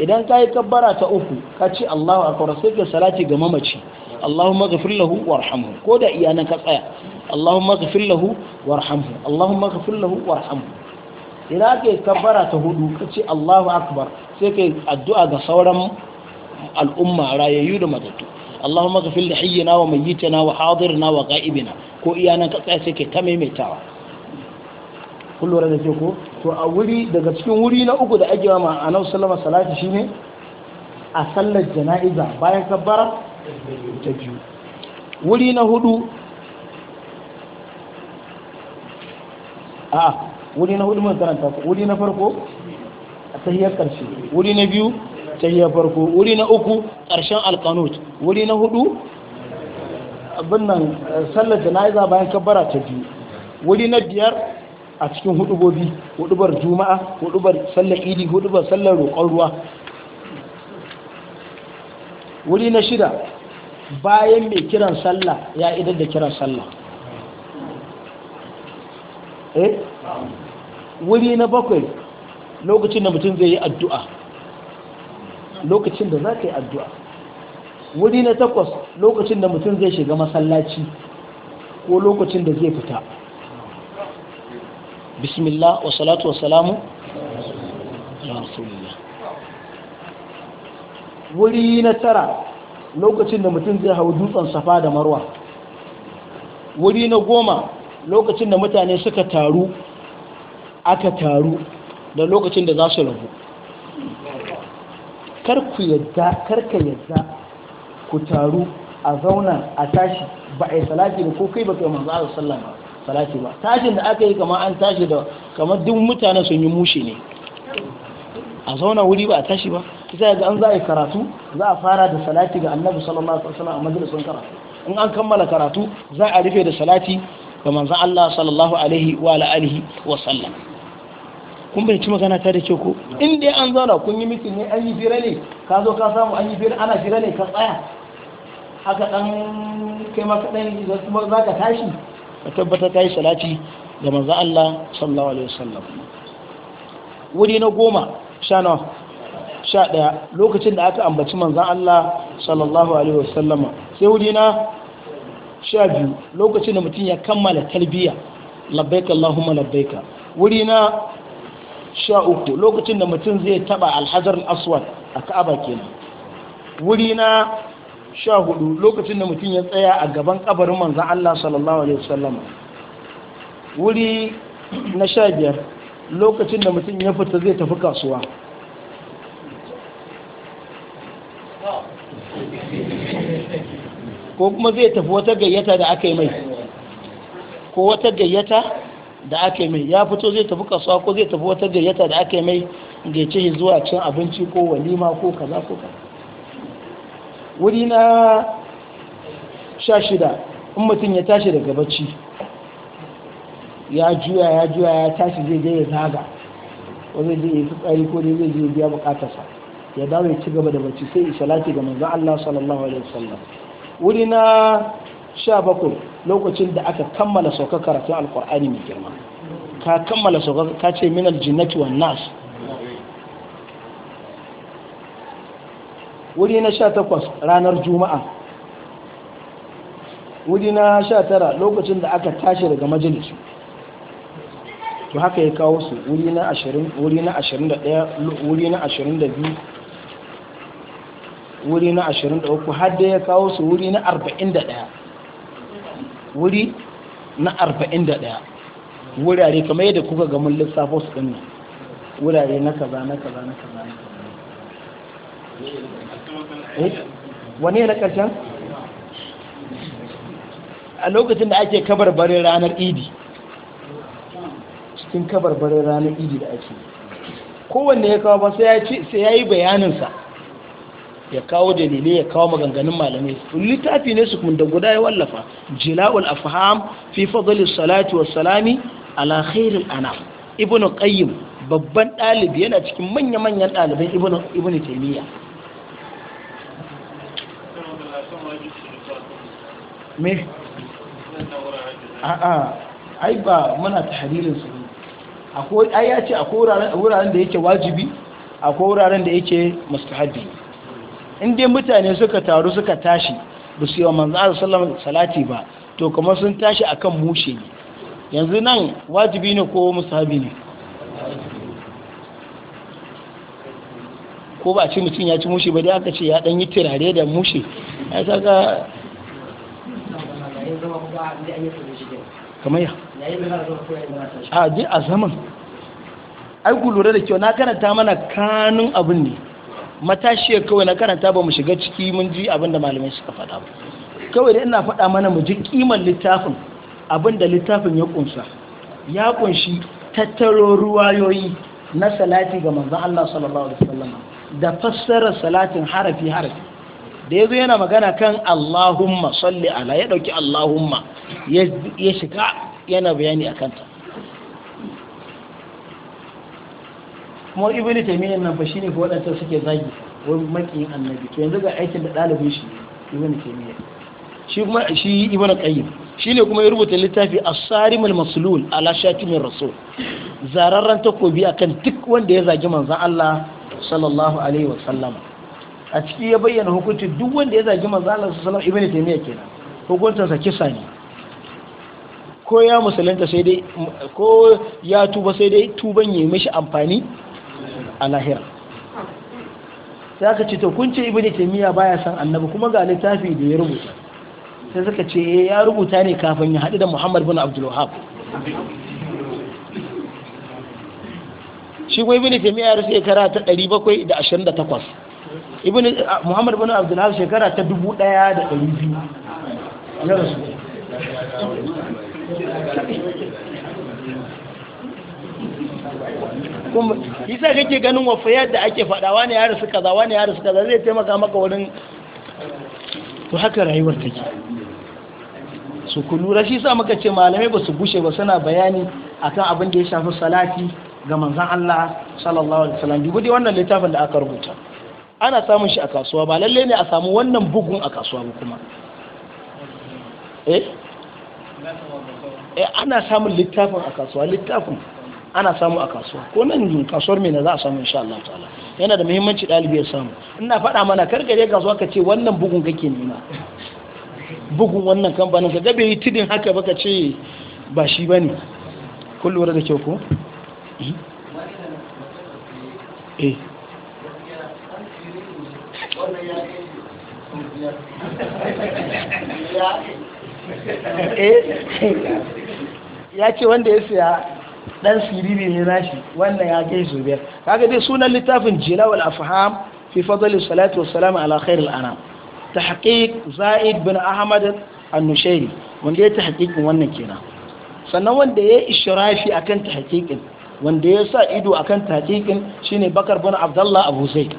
idan ka yi kabbara ta uku ka ce allahu akbar sai ga salati ga mamaci Allahumma ghafir lahu warhamhu ko da iya nan ka tsaya Allahumma ghafir lahu warhamhu Allahumma ghafir lahu warhamhu idan ke yi kabbara ta hudu ka Allahu akbar sai ka addu'a ga sauran al'umma rayayyu da matattu Allahumma ghafir li hayyina wa mayyitina wa hadirina wa ghaibina ko iya nan ka tsaya sai ka ta maimaitawa kun da ke ko to a wuri daga cikin wuri na uku da ake ma a nan sallama salati shine a sallar jana'iza bayan kabbara ta biyu wuri na hudu a wuri na hudu mun karanta wuri na farko a tahiyar karshe wuri na biyu tahiyar farko wuri na uku karshen alkanut wuri na hudu abin nan sallar jana'iza bayan kabbara ta biyu wuri na biyar a cikin hudubobi hudubar juma'a hudubar sallar idi hudubar sallar roƙon ruwa wuri na shida bayan mai kiran sallah ya idar da kiran sallah eh wuri na bakwai lokacin da mutum zai yi addu'a lokacin da za ka yi addu'a wuri na takwas lokacin da mutum zai shiga masallaci ko lokacin da zai fita bismillah wa salatu wa salamu wuri na tara lokacin da mutum zai hau dutsen safa da marwa wuri na goma lokacin da mutane suka taru aka taru da lokacin da za su rabu karku yadda karka yadda ku taru a zauna a tashi ba a yi salafi da ko kai ba kai manzu ala sallama salafi ba tashin da aka yi kamar an tashi da kamar duk mutane sun yi mushi ne a zauna wuri ba a tashi ba sai ga an za a yi karatu za a fara da salati ga annabi sallallahu alaihi wasallam a majalisun karatu in an kammala karatu za a rufe da salati ga manzon Allah sallallahu alaihi wa alihi wa sallam kun bai ci magana ta da ke ko in dai an zauna kun yi mitin ne an yi fira ne ka zo ka samu an yi fira ana jira ne ka tsaya haka dan kai maka dan za ka tashi ka tabbata ka yi salati ga manzon Allah sallallahu alaihi wa sallam wuri na goma sha nawa sha ɗaya lokacin da aka ambaci manzan Allah sallallahu alaihi wasallama sai wuri na sha biyu lokacin da mutum ya kammala talbiya labbaika Allahumma labbaika wuri na sha uku lokacin da mutum zai taba alhajar aswad a ka'aba kenan wuri na sha hudu lokacin da mutum ya tsaya a gaban kabarin manzan Allah sallallahu alaihi wasallama wuri na sha biyar lokacin da mutum ya fita zai tafi kasuwa ko kuma zai tafi wata gayyata da aka yi mai ko wata gayyata da aka yi mai ya fito zai tafi kasuwa ko zai tafi wata gayyata da aka yi mai da ya zuwa cin abinci ko walima ko kaza ko kaza wuri na sha shida in mutum ya tashi daga bacci ya juya ya juya ya tashi zai je ya zaga wani zai yi fitsari ko dai zai biya bukatarsa ya dawo ya ci gaba da bacci sai lati ga manzo Allah sallallahu alaihi wasallam wuri na 17 lokacin da aka kammala saukar karatun alqur'ani mai girma ka kammala saukar ka ce min aljinnati wan nas wuri na 18 ranar juma'a wuri na 19 lokacin da aka tashi daga majalisi to haka ya kawo su wuri na 20 wuri na 21 wuri na 22 wuri na 23 har da ya kawo su wuri na 41 wuri na 41 wurare kamar yadda kuka ga mun lissafo su din wurare na kaza na kaza na kaza eh? wane na karshen a lokacin da ake kabar bare ranar idi kabar bare ranar idi da ake kowanne ya kawo ba sai ya yi bayaninsa ya kawo dalilai ya kawo maganganun malamai littafi ne su kuma da guda ya wallafa jila'ul afham fi fadlis salati was salami ala khairil anam ibnu qayyim babban dalibi yana cikin manya manyan dalibai ibnu ibnu taymiya me a'a ai ba muna tahririn su akwai ai ya ce akwai wuraren da yake wajibi akwai wuraren da yake mustahabi in mutane suka taru suka tashi ba su yi wa manzan sallallahu salati ba to kuma sun tashi akan mushe ne yanzu nan wajibi ne ko mustahabi ne ko ba ci mutum ya ci mushe ba dai aka ce ya dan yi turare da mushe ya saka kamar ya a je a zaman ai ku lura da kyau na karanta mana kanun abin ne matashi ya kawai na karanta ba mu shiga ciki mun ji abin da malamai suka faɗa ba kawai da ina faɗa mana mu ji kimar littafin abin da littafin ya kunsa ya kunshi tattaro ruwayoyi na salati ga manzon Allah sallallahu alaihi wasallam da fassara salatin harafi harafi da ya zo yana magana kan Allahumma salli ala ya ɗauki Allahumma ya shiga yana bayani a kanta kuma ibini taimiyyar nan ne shine waɗanda suke zagi wani makiyin annabi to yanzu ga aikin da ɗalibin shi ibini taimiyyar shi kuma shi ibini ƙayyim shi ne kuma ya rubuta littafi a masulul maslul lashatu mai rasul zararren takobi akan duk wanda ya zagi manzan Allah sallallahu alaihi wa sallama a ciki ya bayyana hukunci duk wanda ya zagi manzan Allah sallallahu alaihi wa sallama ibini taimiyyar kenan hukuncinsa kisa ne ko ya musulunta sai dai ko ya tuba sai dai tuban yi mishi amfani a lahira sai aka ce to kun ce ibnu taymiya baya san annabi kuma ga littafi da ya rubuta sai suka ce eh, ya rubuta ne kafin ya haɗu da Muhammad bin Abdul Wahhab shi kuma ibnu taymiya ya rubuta shekara ta 728 ibnu Muhammad bin Abdul Wahhab shekara ta 1200 ya rasu kuma isa kake ganin wafa yadda ake fada wani yaro su kaza wani yaro su kaza zai taimaka maka wurin to haka rayuwar take su ku rashi sa muka ce malamai ba su bushe ba suna bayani akan abin da ya shafi salati ga manzan Allah sallallahu alaihi wasallam dubu dai wannan littafin da aka rubuta ana samun shi a kasuwa ba lalle ne a samu wannan bugun a kasuwa ba kuma eh eh ana samun littafin a kasuwa littafin ana samu a kasuwa ko nan kasuwar mai na za a samu insha Allah ta'ala yana da muhimmanci ɗalibi ya samu ina faɗa mana karkare kasuwa ka ce wannan bugun kake nema bugun wannan kamfanin ka gabe yi tidin haka ba ka ce ba shi bane kun lura da kyau ko eh Eh, ya ce wanda ya siya dan siriri ne nashi wannan ya kai su biyar kaga dai sunan littafin jilawal afham fi fadl salatu wassalamu ala khair al anam tahqiq zaid bin ahmad an-nushairi wanda ya tahqiqin wannan kenan sannan wanda ya ishrafi akan tahqiqin wanda ya sa ido akan tahqiqin shine bakar bin abdullah abu zaid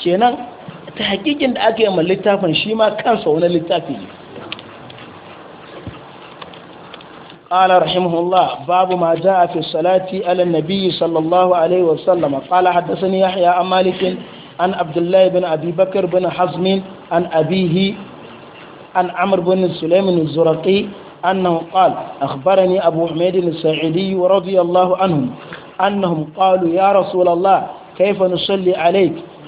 kenan ta hakikin da aka yi ma littafin shi ma kansa wani littafi ne ala rahimahullah babu ma a fi salati ala nabi sallallahu alaihi yahya an malik an abdullahi bin abi bin hazm an abihi an amr bin sulaim bin zurqi أنه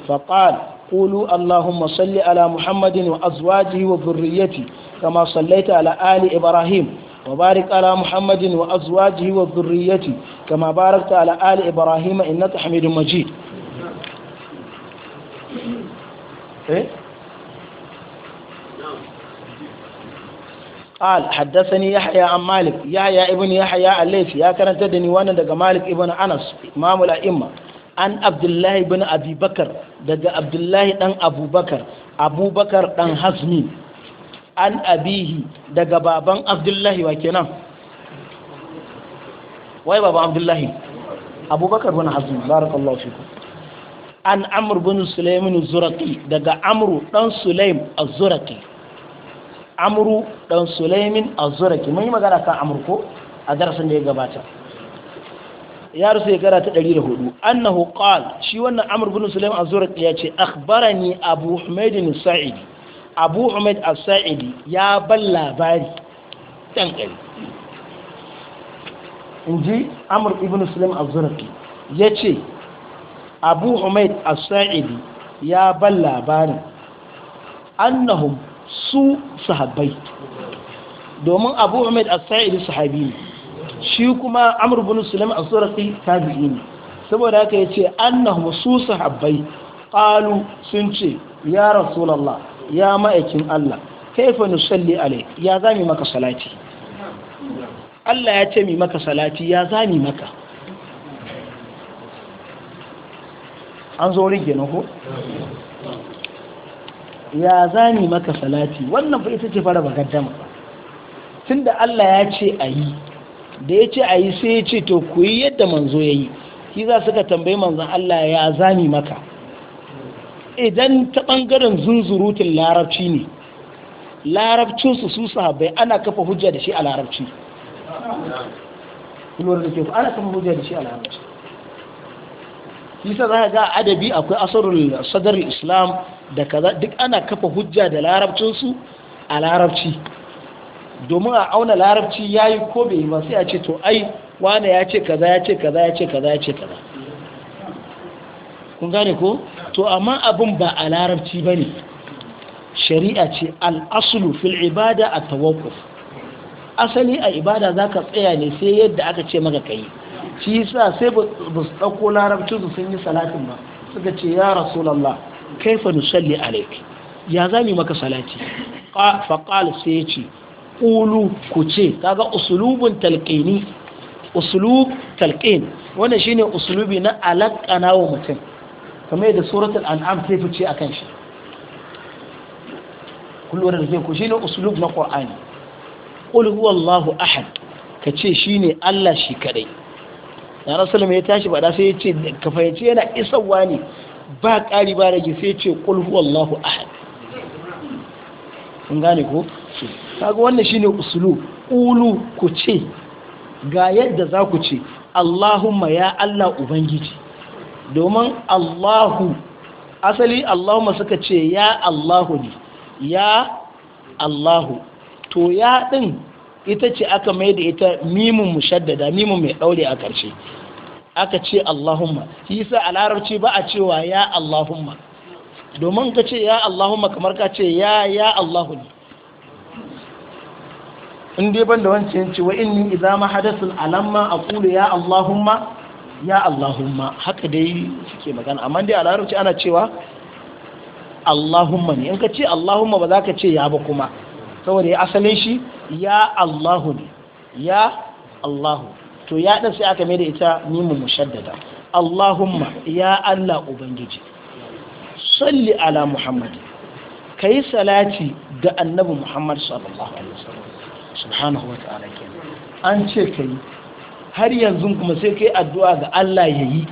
فقال قولوا اللهم صل على محمد وأزواجه وذريته كما صليت على آل إبراهيم وبارك على محمد وأزواجه وذريته كما باركت على آل إبراهيم إنك حميد مجيد إيه؟ قال حدثني يحيى عن مالك يحيى ابن يحيى الليثي يا كانت تدني وانا دقى مالك ابن أنس إمام الأئمة an abdullahi bin abubakar daga abdullahi dan abubakar abubakar dan hasmi an abihi daga baban abdullahi wa kenan wai baban abdullahi abubakar bin hasmi barakallahu fiku an amr bin sulaimin zuraki daga amru dan sulaim az-zuraki amru dan sulaimin az-zuraki mun yi magana kan amru ko a darasin da ya gabata ya rasu gara ta 104 annahu qal shi wannan amr bin sulaim az ya ce akhbarani abu humayd as-sa'idi abu humayd as-sa'idi ya ban labari dan in inji amr ibn sulaim az ya ce abu humayd as-sa'idi ya ban labarin annahum su sahabbai domin abu humayd as-sa'idi sahabi ne shi kuma amr ibn sulaim as-surqi tabi'i ne saboda haka yace annahu su Habbai qalu sun ce ya rasulullah ya ma'aikin Allah kaifa nusalli alai ya zami maka salati Allah ya ce mi maka salati ya zami maka an zo rige na ko ya zami maka salati wannan fa ita ce fara bagaddama tunda Allah ya ce a yi da ya ce a yi sai ya ce to ku yi yadda manzo ya yi shi za suka tambayi manzan Allah ya zami maka idan ta ɓangaren zunzurutun larabci ne larabcinsu su sahabbai ana kafa hujja da shi a larabci lura da ke ana kafa hujja da shi a larabci yasa za ka ga adabi akwai asarul sadar islam da kaza duk ana kafa hujja da larabcinsu a larabci domin a auna larabci ya yi ko bai yi ce to ai wane ya ce kaza ya ce kaza ya ce kaza ya ce kaza kun gane ko to amma abin ba a larabci ba ne shari'a ce al'asulu fil ibada a tawakuf asali a ibada za ka tsaya ne sai yadda aka ce maka kai shi sa sai ba su ɗauko larabcin su sun yi salatin ba suka ce ya rasulallah kaifa nusalli alaik ya zami maka salati faƙal sai ya ce ƙulu ku ce kaga usulubun talƙini usulub talƙin wannan shine usulubi na alaƙana wa mutum kamar yadda suratul an'am ta fice a kan shi kullum da ku shine usulub na qur'ani qul huwallahu ahad ka ce shine Allah shi kadai na rasulun ya tashi bada sai ya ce ka fahimci yana isawa ne ba ƙari ba rage sai yace ce qul huwallahu ahad kun gane ko kaga wannan shine usulu ulu ku ce ga yadda za ku ce Allahumma ya Allah ubangiji domin Allahu asali Allahumma suka ce ya Allahu ne ya Allahu to ya din ita ce aka mai da ita mimun mushaddada mimun mai daure a ƙarshe aka ce Allahumma yasa a larabci ba a cewa ya Allahumma domin ka ce ya Allahumma kamar ka ce ya ya Allahu ne in dai ban da wancan ce wa inni idza ma hadathul alamma aqulu ya allahumma ya allahumma haka dai suke magana amma dai a larabci ana cewa allahumma ne in ka ce allahumma ba za ka ce ya ba kuma saboda ya asalin shi ya allahu ne ya allahu to ya ɗan sai aka mai da ita mimu mushaddada allahumma ya allah ubangiji salli ala muhammad ka salati ga annabi muhammad sallallahu alaihi wasallam subhanahu wa ta'ala an ce ka yi har yanzu kuma sai ka yi addu'a ga Allah ya yi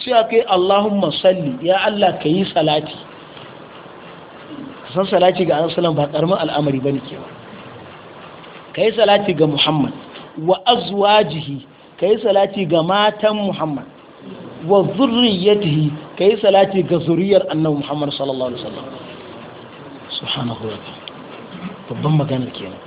ka yi Allahumma salli ya Allah ka yi salati san salati ga annabi ba karamin al'amari ba bane kewa ka yi salati ga Muhammad wa azwajihi ka yi salati ga matan Muhammad wa zurriyatihi ka yi salati ga zuriyar annabi Muhammad sallallahu alaihi wasallam subhanahu wa ta'ala babban magana kenan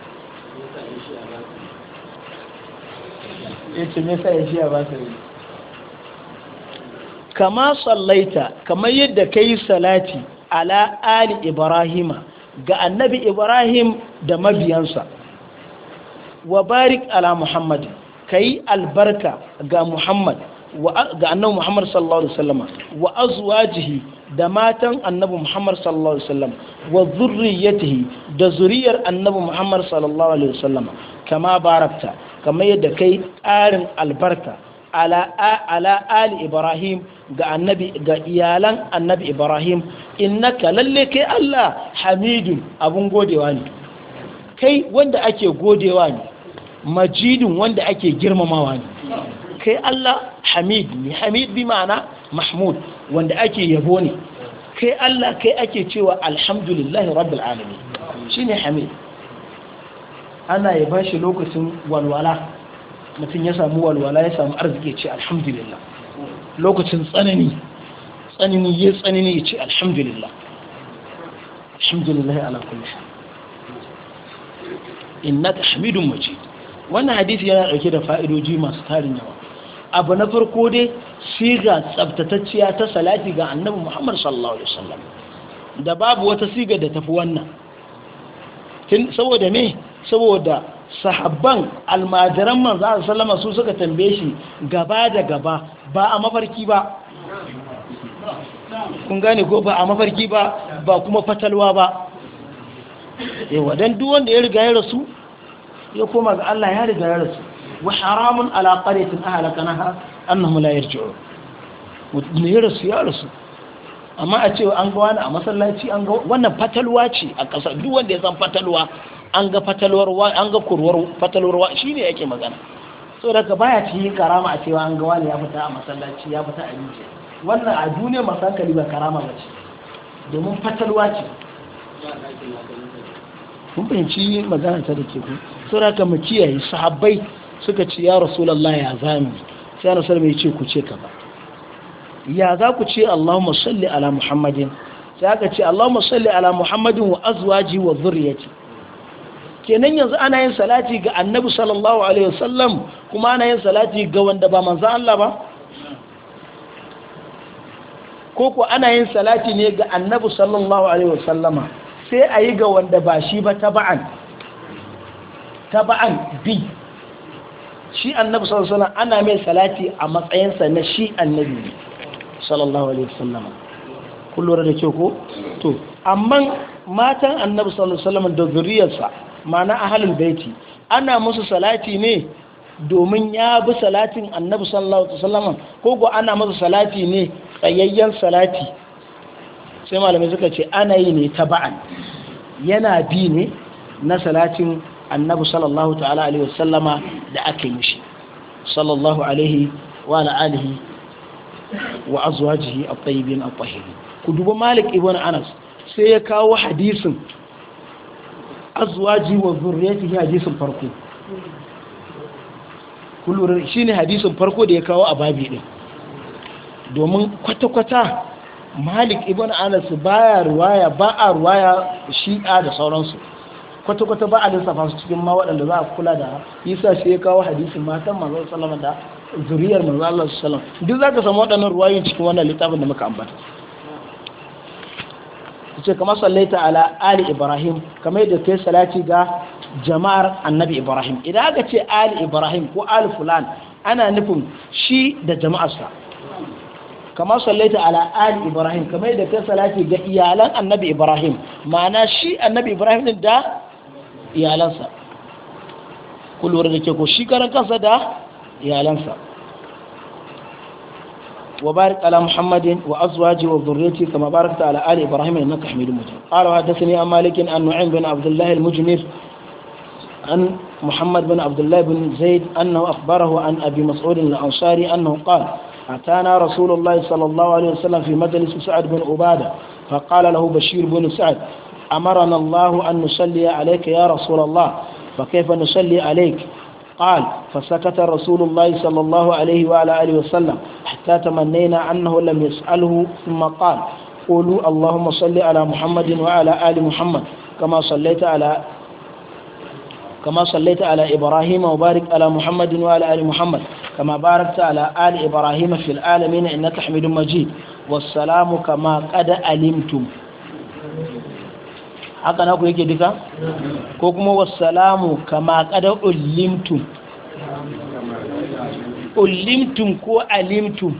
kama sallaita kamar yadda yi salati ala ali ibrahima ga annabi ibrahim da mabiyansa wa barik ala ka yi albarka ga muhammad ga annabi Muhammad sallallahu alaihi wasallam wa azwajihi da matan annabi Muhammad sallallahu alaihi wasallam wa zurriyatihi da zuriyar annabi Muhammad sallallahu alaihi wasallam kama barakta kamar yadda kai ƙarin albarka ala ala ali Ibrahim ga annabi ga iyalan annabi Ibrahim innaka lalle kai Allah hamidun abun godewa ne kai wanda ake godewa ne majidun wanda ake girmamawa ne kai Allah hamid ne hamid bi ma'ana mahmud wanda ake yabo ne kai Allah kai ake cewa alhamdulillah rabbil alamin shine hamid ana ya bashi lokacin walwala mutum ya samu walwala ya samu arziki ce alhamdulillah lokacin tsanani tsanani ya tsanani ya ce alhamdulillah alhamdulillah ala kulli shay innaka hamidun majid wannan hadisi yana dauke da fa'idoji masu tarin yawa abu na farko dai siga tsabtatacciya ta salati ga annabi Muhammad sallallahu alaihi wasallam da babu wata siga da tafi wannan saboda me saboda sahabban almajiran manzo sallama su suka tambaye shi gaba da gaba ba a mafarki ba kun gane ko ba a mafarki ba ba kuma fatalwa ba yawa don duk wanda ya riga ya rasu ya koma ga Allah ya riga ya rasu wa haramun ala qaryatin ahlakanaha annahum la yarji'un mutum ya rasu ya rasu amma a cewa an ga wani a masallaci wannan fatalwa ce a ƙasa duk wanda ya san fatalwa an ga fatalwar an ga kurwar fatalwar shine yake magana so daga baya ci karama a cewa an ga wani ya fita a masallaci ya fita a rijiya wannan a duniya masankali ba karama ba ce domin fatalwa ce kun fahimci magana ta da ke ku so daga mu kiyaye sahabbai suka ce ya rasulallah ya zami sai ana salama ya ce ku ce ka ba ya za ku ce allahumma salli ala muhammadin sai aka ce allahumma salli ala muhammadin wa azwaji wa zurriyati kenan yanzu ana yin salati ga annabi sallallahu alaihi wasallam kuma ana yin salati ga wanda ba manzo Allah ba ko ko ana yin salati ne ga annabi sallallahu alaihi wasallama sai a yi ga wanda ba shi ba taba'an taba'an bi shi annabi sallallahu alaihi wasallam ana mai salati a matsayinsa na shi annabi sallallahu alaihi wasallam kun lura da kyau ko to amma matan annabi sallallahu alaihi wasallam da zuriyarsa ma'ana ahlul baiti ana musu salati ne domin ya bi salatin annabi sallallahu alaihi wasallam ko go ana musu salati ne tsayayyen salati sai malamai suka ce ana yi ne taba'an yana bi ne na salatin annabi sallallahu ta'ala alaihi wasallama da aka yi mishi sallallahu alaihi wa alihi wa azwajihi at-tayyibin at-tahirin ku duba malik ibn anas sai ya kawo hadisin azwaji wa zurriyatihi hadisin farko kullum shine hadisin farko da ya kawo a babi din domin kwata-kwata malik ibn anas baya ruwaya ba a ruwaya shi'a da sauransu kwata-kwata ba a lissafa su cikin ma waɗanda za a kula da isa shi ya kawo hadisin matan manzo sallama da zuriyar manzo Allah sallam duk ka samu waɗannan ruwayoyin cikin wannan littafin da muka ambata yace kamar sallaita ala ali ibrahim kamar yadda kai salati ga jama'ar annabi ibrahim idan aka ce ali ibrahim ko ali fulan ana nufin shi da jama'arsa kamar sallaita ala ali ibrahim kamar yadda kai salati ga iyalan annabi ibrahim ma'ana shi annabi ibrahim din da iyalansa kulwar da ke ko shi karan kansa da iyalansa wa barik ala muhammadin wa azwaji wa zurriyati kama barakta ala ali ibrahim innaka hamidum majid qala hadathani an malik an nu'aym bin abdullah al-mujmir an muhammad bin abdullah bin zaid annahu akhbarahu an abi mas'ud al-ansari annahu qala أتانا رسول الله صلى الله fi وسلم في مجلس سعد بن عبادة فقال له بشير بن سعد أمرنا الله أن نصلي عليك يا رسول الله فكيف نصلي عليك قال فسكت رسول الله صلى الله عليه وعلى آله وسلم حتى تمنينا أنه لم يسأله ثم قال قولوا اللهم صل على محمد وعلى آل محمد كما صليت على كما صليت على إبراهيم وبارك على محمد وعلى آل محمد كما باركت على آل إبراهيم في العالمين إنك حميد مجيد والسلام كما قد علمتم haka na ku yake duka ko kuma wassalamu kama kada ulimtum ulimtum ko alimtum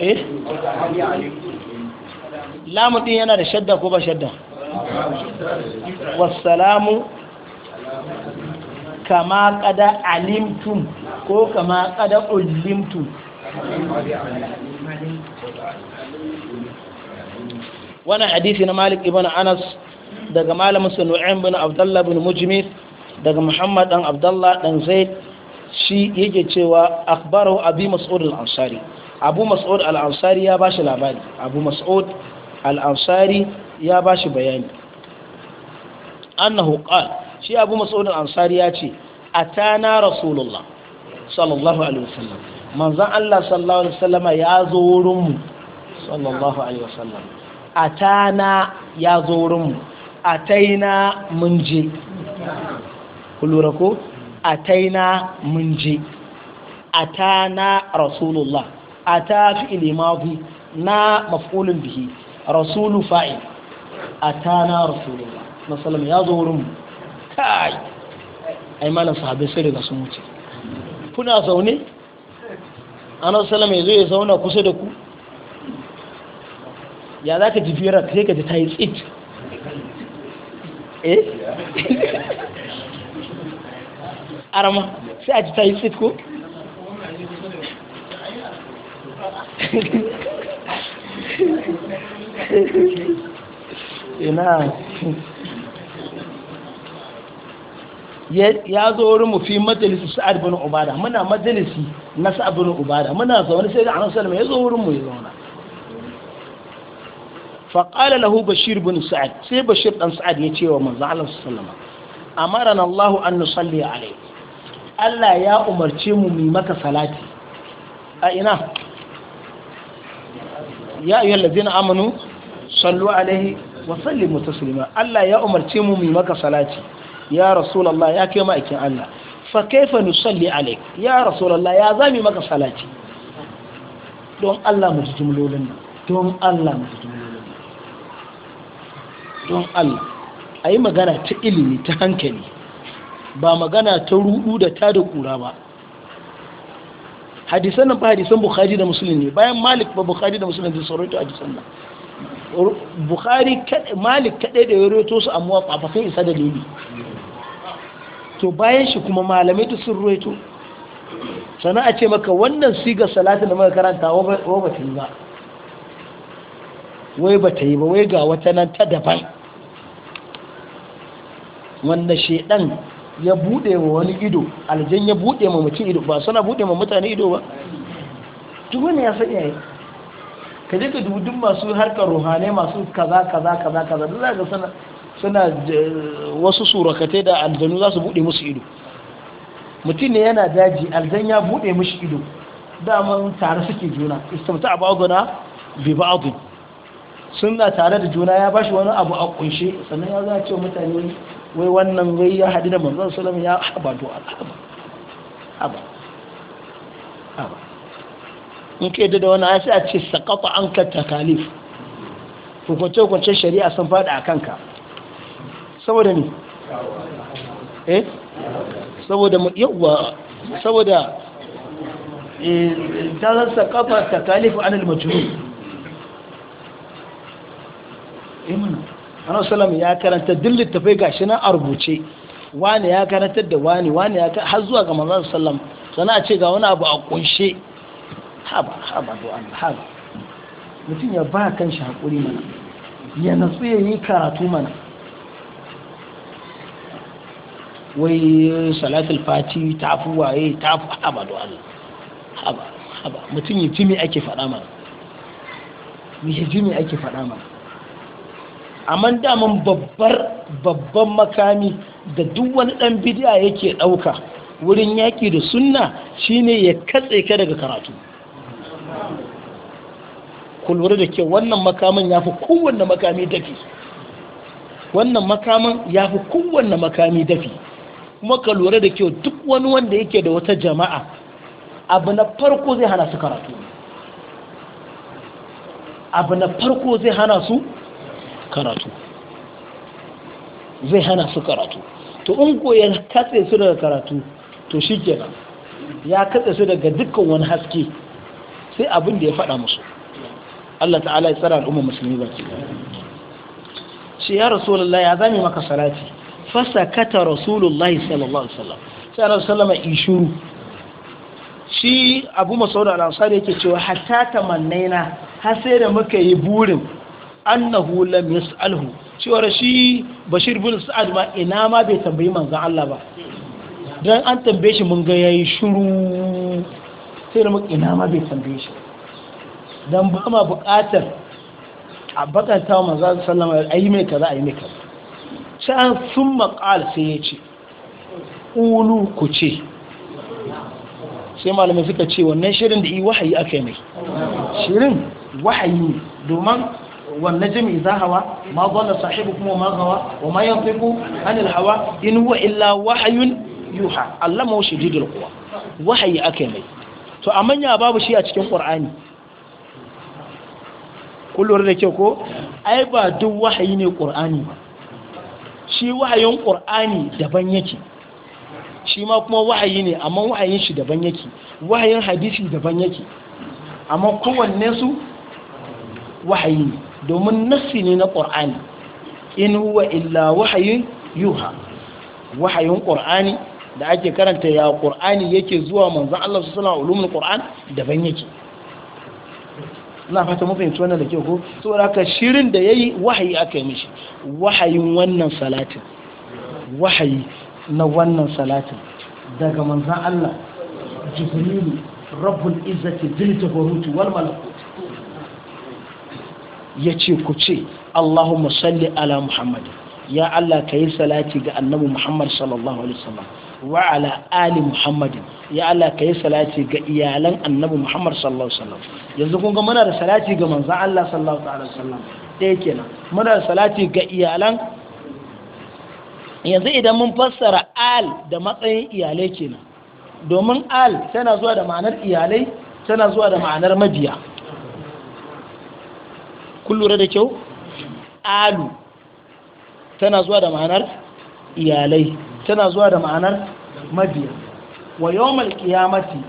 eh lamu din yana da shadda ko ba shadda wassalamu kama kada alimtum ko kama kada ulimtum wani hadisi na malik ibn anas daga malamin sa nu'aym bin abdullah bin mujmir daga muhammad dan abdullah dan zaid shi yake cewa akhbaru abi mas'ud al-ansari abu mas'ud al-ansari ya bashi labari abu mas'ud al-ansari ya bashi bayani annahu qala shi abu mas'ud al-ansari ya ce atana rasulullah sallallahu alaihi wasallam manzon Allah sallallahu alaihi wasallam ya zo wurin mu sallallahu alaihi wasallam atana ya zo wurinmu ataina mun je lura ko ataina mun je atana rasulullah ata fi madhi na maf'ulun bihi rasulu fa'il atana rasulullah nasallam ya zo wurinmu kai ai malam sahabbai sai daga sun wuce kuna zaune annabi sallallahu alaihi ya zo ya zauna kusa da ku ya za ka jifi rak sai ka ji ta yi tsit eh *laughs* arama sai a ji ta yi tsit ko *laughs* ina ya zo wurin mu fi majalisi sa'ad bin ubada muna majalisi na sa'ad bin ubada muna zaune sai da annabi sallallahu alaihi wasallam ya zo wurin mu ya zauna faƙala lahu bashir bin sa'ad sai bashir ɗan sa'ad ya ce wa manzo Allah sallama amarana Allah an nusalli alai Allah ya umarce mu mu maka salati a ina ya ayyuhal ladzina amanu sallu alaihi wa sallimu taslima Allah ya umarce mu mu maka salati ya rasulullah ya kai ma'aikin Allah fa kaifa nusalli alaik ya rasulullah ya zami maka salati don Allah mu don Allah a yi magana ta ilimi ta hankali ba magana ta rudu da ta da kura ba hadisan nan ba hadisan bukhari da musulun ne bayan malik ba bukhari da musulun da sauraito hadisan nan bukhari malik kaɗai da ya roto su amma ba isa da lili to bayan shi kuma malamai ta sun roto sana a ce maka wannan siga salati da maka karanta wa ba ta yi ba wai ba ta yi ba wai ga wata nan ta daban wanda shedan ya bude wa wani ido aljan ya bude ma mutum ido ba suna bude ma mutane ido ba duk wani ya san yayi ka je ka dubu duk masu harkar ruhane masu kaza kaza kaza kaza duk za ka sana suna eh, wasu surakatai da aljanu za su bude musu ido mutum ne yana daji aljan ya bude mishi ido daman tare suke juna istamta abu aguna bi ba'adu suna tare da juna ya bashi wani abu a kunshe sannan ya za ce mutane wai wannan wai ya haɗi da manzan sallam ya haɓa to alhaba haɓa haɓa in ka yi da wani ai sai a ce sakata an ka takalif hukunce hukunce shari'a sun faɗa a kanka saboda ne eh saboda yawwa saboda eh, ta zarsa kafa takalif kalifu anil imanu annabi sallam ya karanta duk littafai gashi nan a rubuce wani ya karantar da wani wani ya har zuwa ga manzon sallam sana a ce ga wani abu a kunshe haba haba do an haba mutum ya ba kanshi hakuri mana ya natsu ya yi karatu mana wai salatul fati ta fi waye ta fi haba do Allah haba haba mutum ya ji me ake faɗa mana ya ji me ake faɗa mana amma daman babbar babban makami da duk wani ɗan bid'a yake ɗauka wurin yaki da sunna shine ya katse ka daga karatu lura da ke wannan makamin ya fi kowanne makami dafi wannan makamin ya fi kowanne makami dafi kuma ka lura da kyau duk wani wanda yake da wata jama'a abu na farko zai hana su karatu abu na farko zai hana su karatu zai hana su karatu to in goya katse su daga karatu to shi ya katse su daga dukkan wani haske sai abin da ya faɗa musu Allah ta'ala ya tsara al'umma musulmi ba ce shi ya rasulullah ya zame maka salati fasa kata rasulullah sallallahu alaihi wasallam sai Allah sallama ishuru shi abu masauda al'asari yake cewa hatta tamannaina har sai da muka yi burin annahu lam yas'alhu cewa shi bashir bin sa'ad ma ina ma bai tambayi manzon Allah ba dan an tambaye shi mun ga yayi shiru sai da ina ma bai tambaye shi dan ba ma buƙatar a bakanta wa manzon wasallam ayi mai kaza ayi mai kaza sai sun maqal sai ya ce ulu ku ce sai malamai suka ce wannan shirin da yi wahayi aka yi mai shirin wahayi domin والنجم إذا هوى ما ضل صاحبكم وما غوى وما ينطق عن الهوى إن هو إلا وحي يوحى علمه شديد القوى وحي أكمل to amma ya babu shi a cikin Qur'ani kullum da ke ko ai ba duk wahayi ne Qur'ani ba shi wahayin Qur'ani daban yake shi ma kuma wahayi ne amma wahayin shi daban yake wahayin hadisi daban yake amma kowanne su wahayi domin nassi ne na ƙur'ani in huwa illa wahayin yuha wahayin ƙur'ani da ake karanta ya ƙor'ani yake zuwa manzan Allah su suna ulumin ƙur'an daban yake na fata mafahimci wannan da ke ko saboda haka shirin da ya yi wahayi aka yi mishi wahayin wannan salatin wahayi na wannan salatin daga manzan Allah jibrilu rabbul izzati dhil jabaruti wal malaku ya ce ku ce Allahumma salli ala Muhammad ya Allah ka yi salati ga annabi Muhammad sallallahu alaihi wasallam wa ala ali Muhammad ya Allah ka yi salati ga iyalan annabi Muhammad sallallahu alaihi wasallam yanzu kun ga muna da salati ga manzon Allah sallallahu alaihi wasallam ɗaya kenan muna da salati ga iyalan yanzu idan mun fassara al da matsayin iyalai kenan domin al tana zuwa da ma'anar iyalai tana zuwa da ma'anar mabiya kun lura da kyau alu tana zuwa da ma'anar iyalai tana zuwa da ma'anar mabiya wa yawmal qiyamati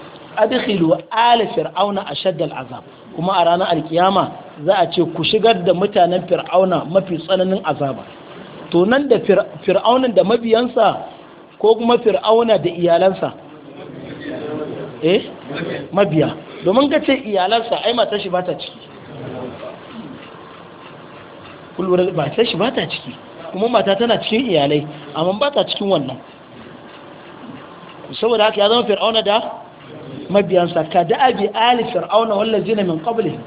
adkhilu ala fir'auna ashadda al'azab kuma a ranar alkiyama za a ce ku shigar da mutanen fir'auna mafi tsananin azaba to nan da fir'aunan da mabiyansa ko kuma fir'auna da iyalansa eh mabiya domin ka ce iyalansa ai matar shi ba ta ciki kullum matar shi ba ta ciki kuma mata tana cikin iyalai amma ba ta cikin wannan saboda haka ya zama fir'auna da mabiyansa ka da abi ali fir'auna wallazina min qablihim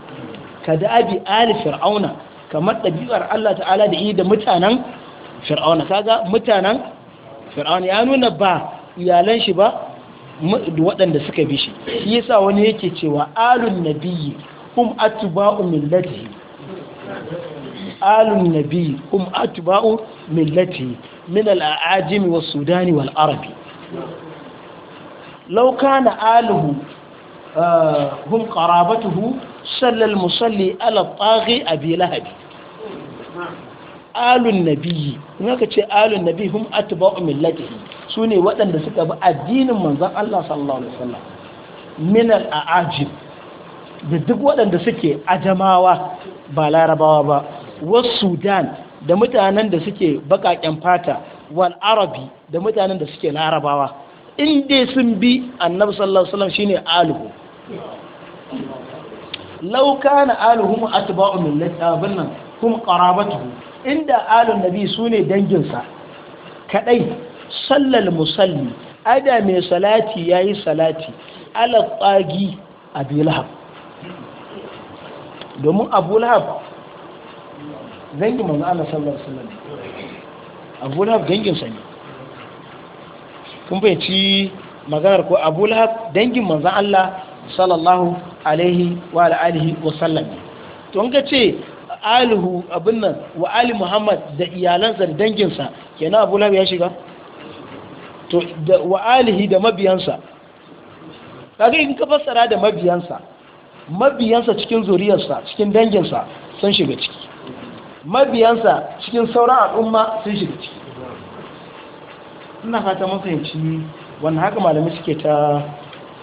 ka da abi ali fir'auna kamar ɗabi'ar Allah ta'ala da yi da mutanen fir'auna kaga mutanen fir'auna ya nuna ba iyalan shi ba waɗanda suka bi shi shi yasa wani yake cewa alun nabiyyi hum atba'u millatihi alun nabi um atba'u millati min al-ajim was sudani wal arabi law aluhu uh, hum qarabatuhu salla al-musalli ala taghi abi lahab alun nabi in aka ce alun nabi hum atba'u millatihi sune waɗanda suka bi addinin manzon Allah sallallahu da duk waɗanda suke ajamawa ba larabawa ba was sudan da mutanen da suke bakaken fata wal arabi da mutanen da suke larabawa in dai sun bi annabi sallallahu alaihi wasallam shine aluhu law kana aluhum atba'u min nan kum qarabatuhu inda alun nabi sune dangin sa kadai sallal musalli ada mai salati yayi salati ala tsagi abi lahab domin abu lahab dangin manzo Allah sallallahu alaihi wasallam Abu Lahab dangin sa ne kun bayyaci maganar ko Abu Lahab dangin manzo Allah sallallahu alaihi wa alihi wa sallam to an ka ce alihu abin nan wa ali Muhammad da iyalansa da danginsa kenan Abu Lahab ya shiga to da wa alihi da mabiyansa kaga in ka fassara da mabiyansa mabiyansa cikin zuriyarsa cikin danginsa sun shiga ciki mabiyansa cikin sauran al'umma sun shiga ciki ina fata mun fahimci Wani haka malamai suke ta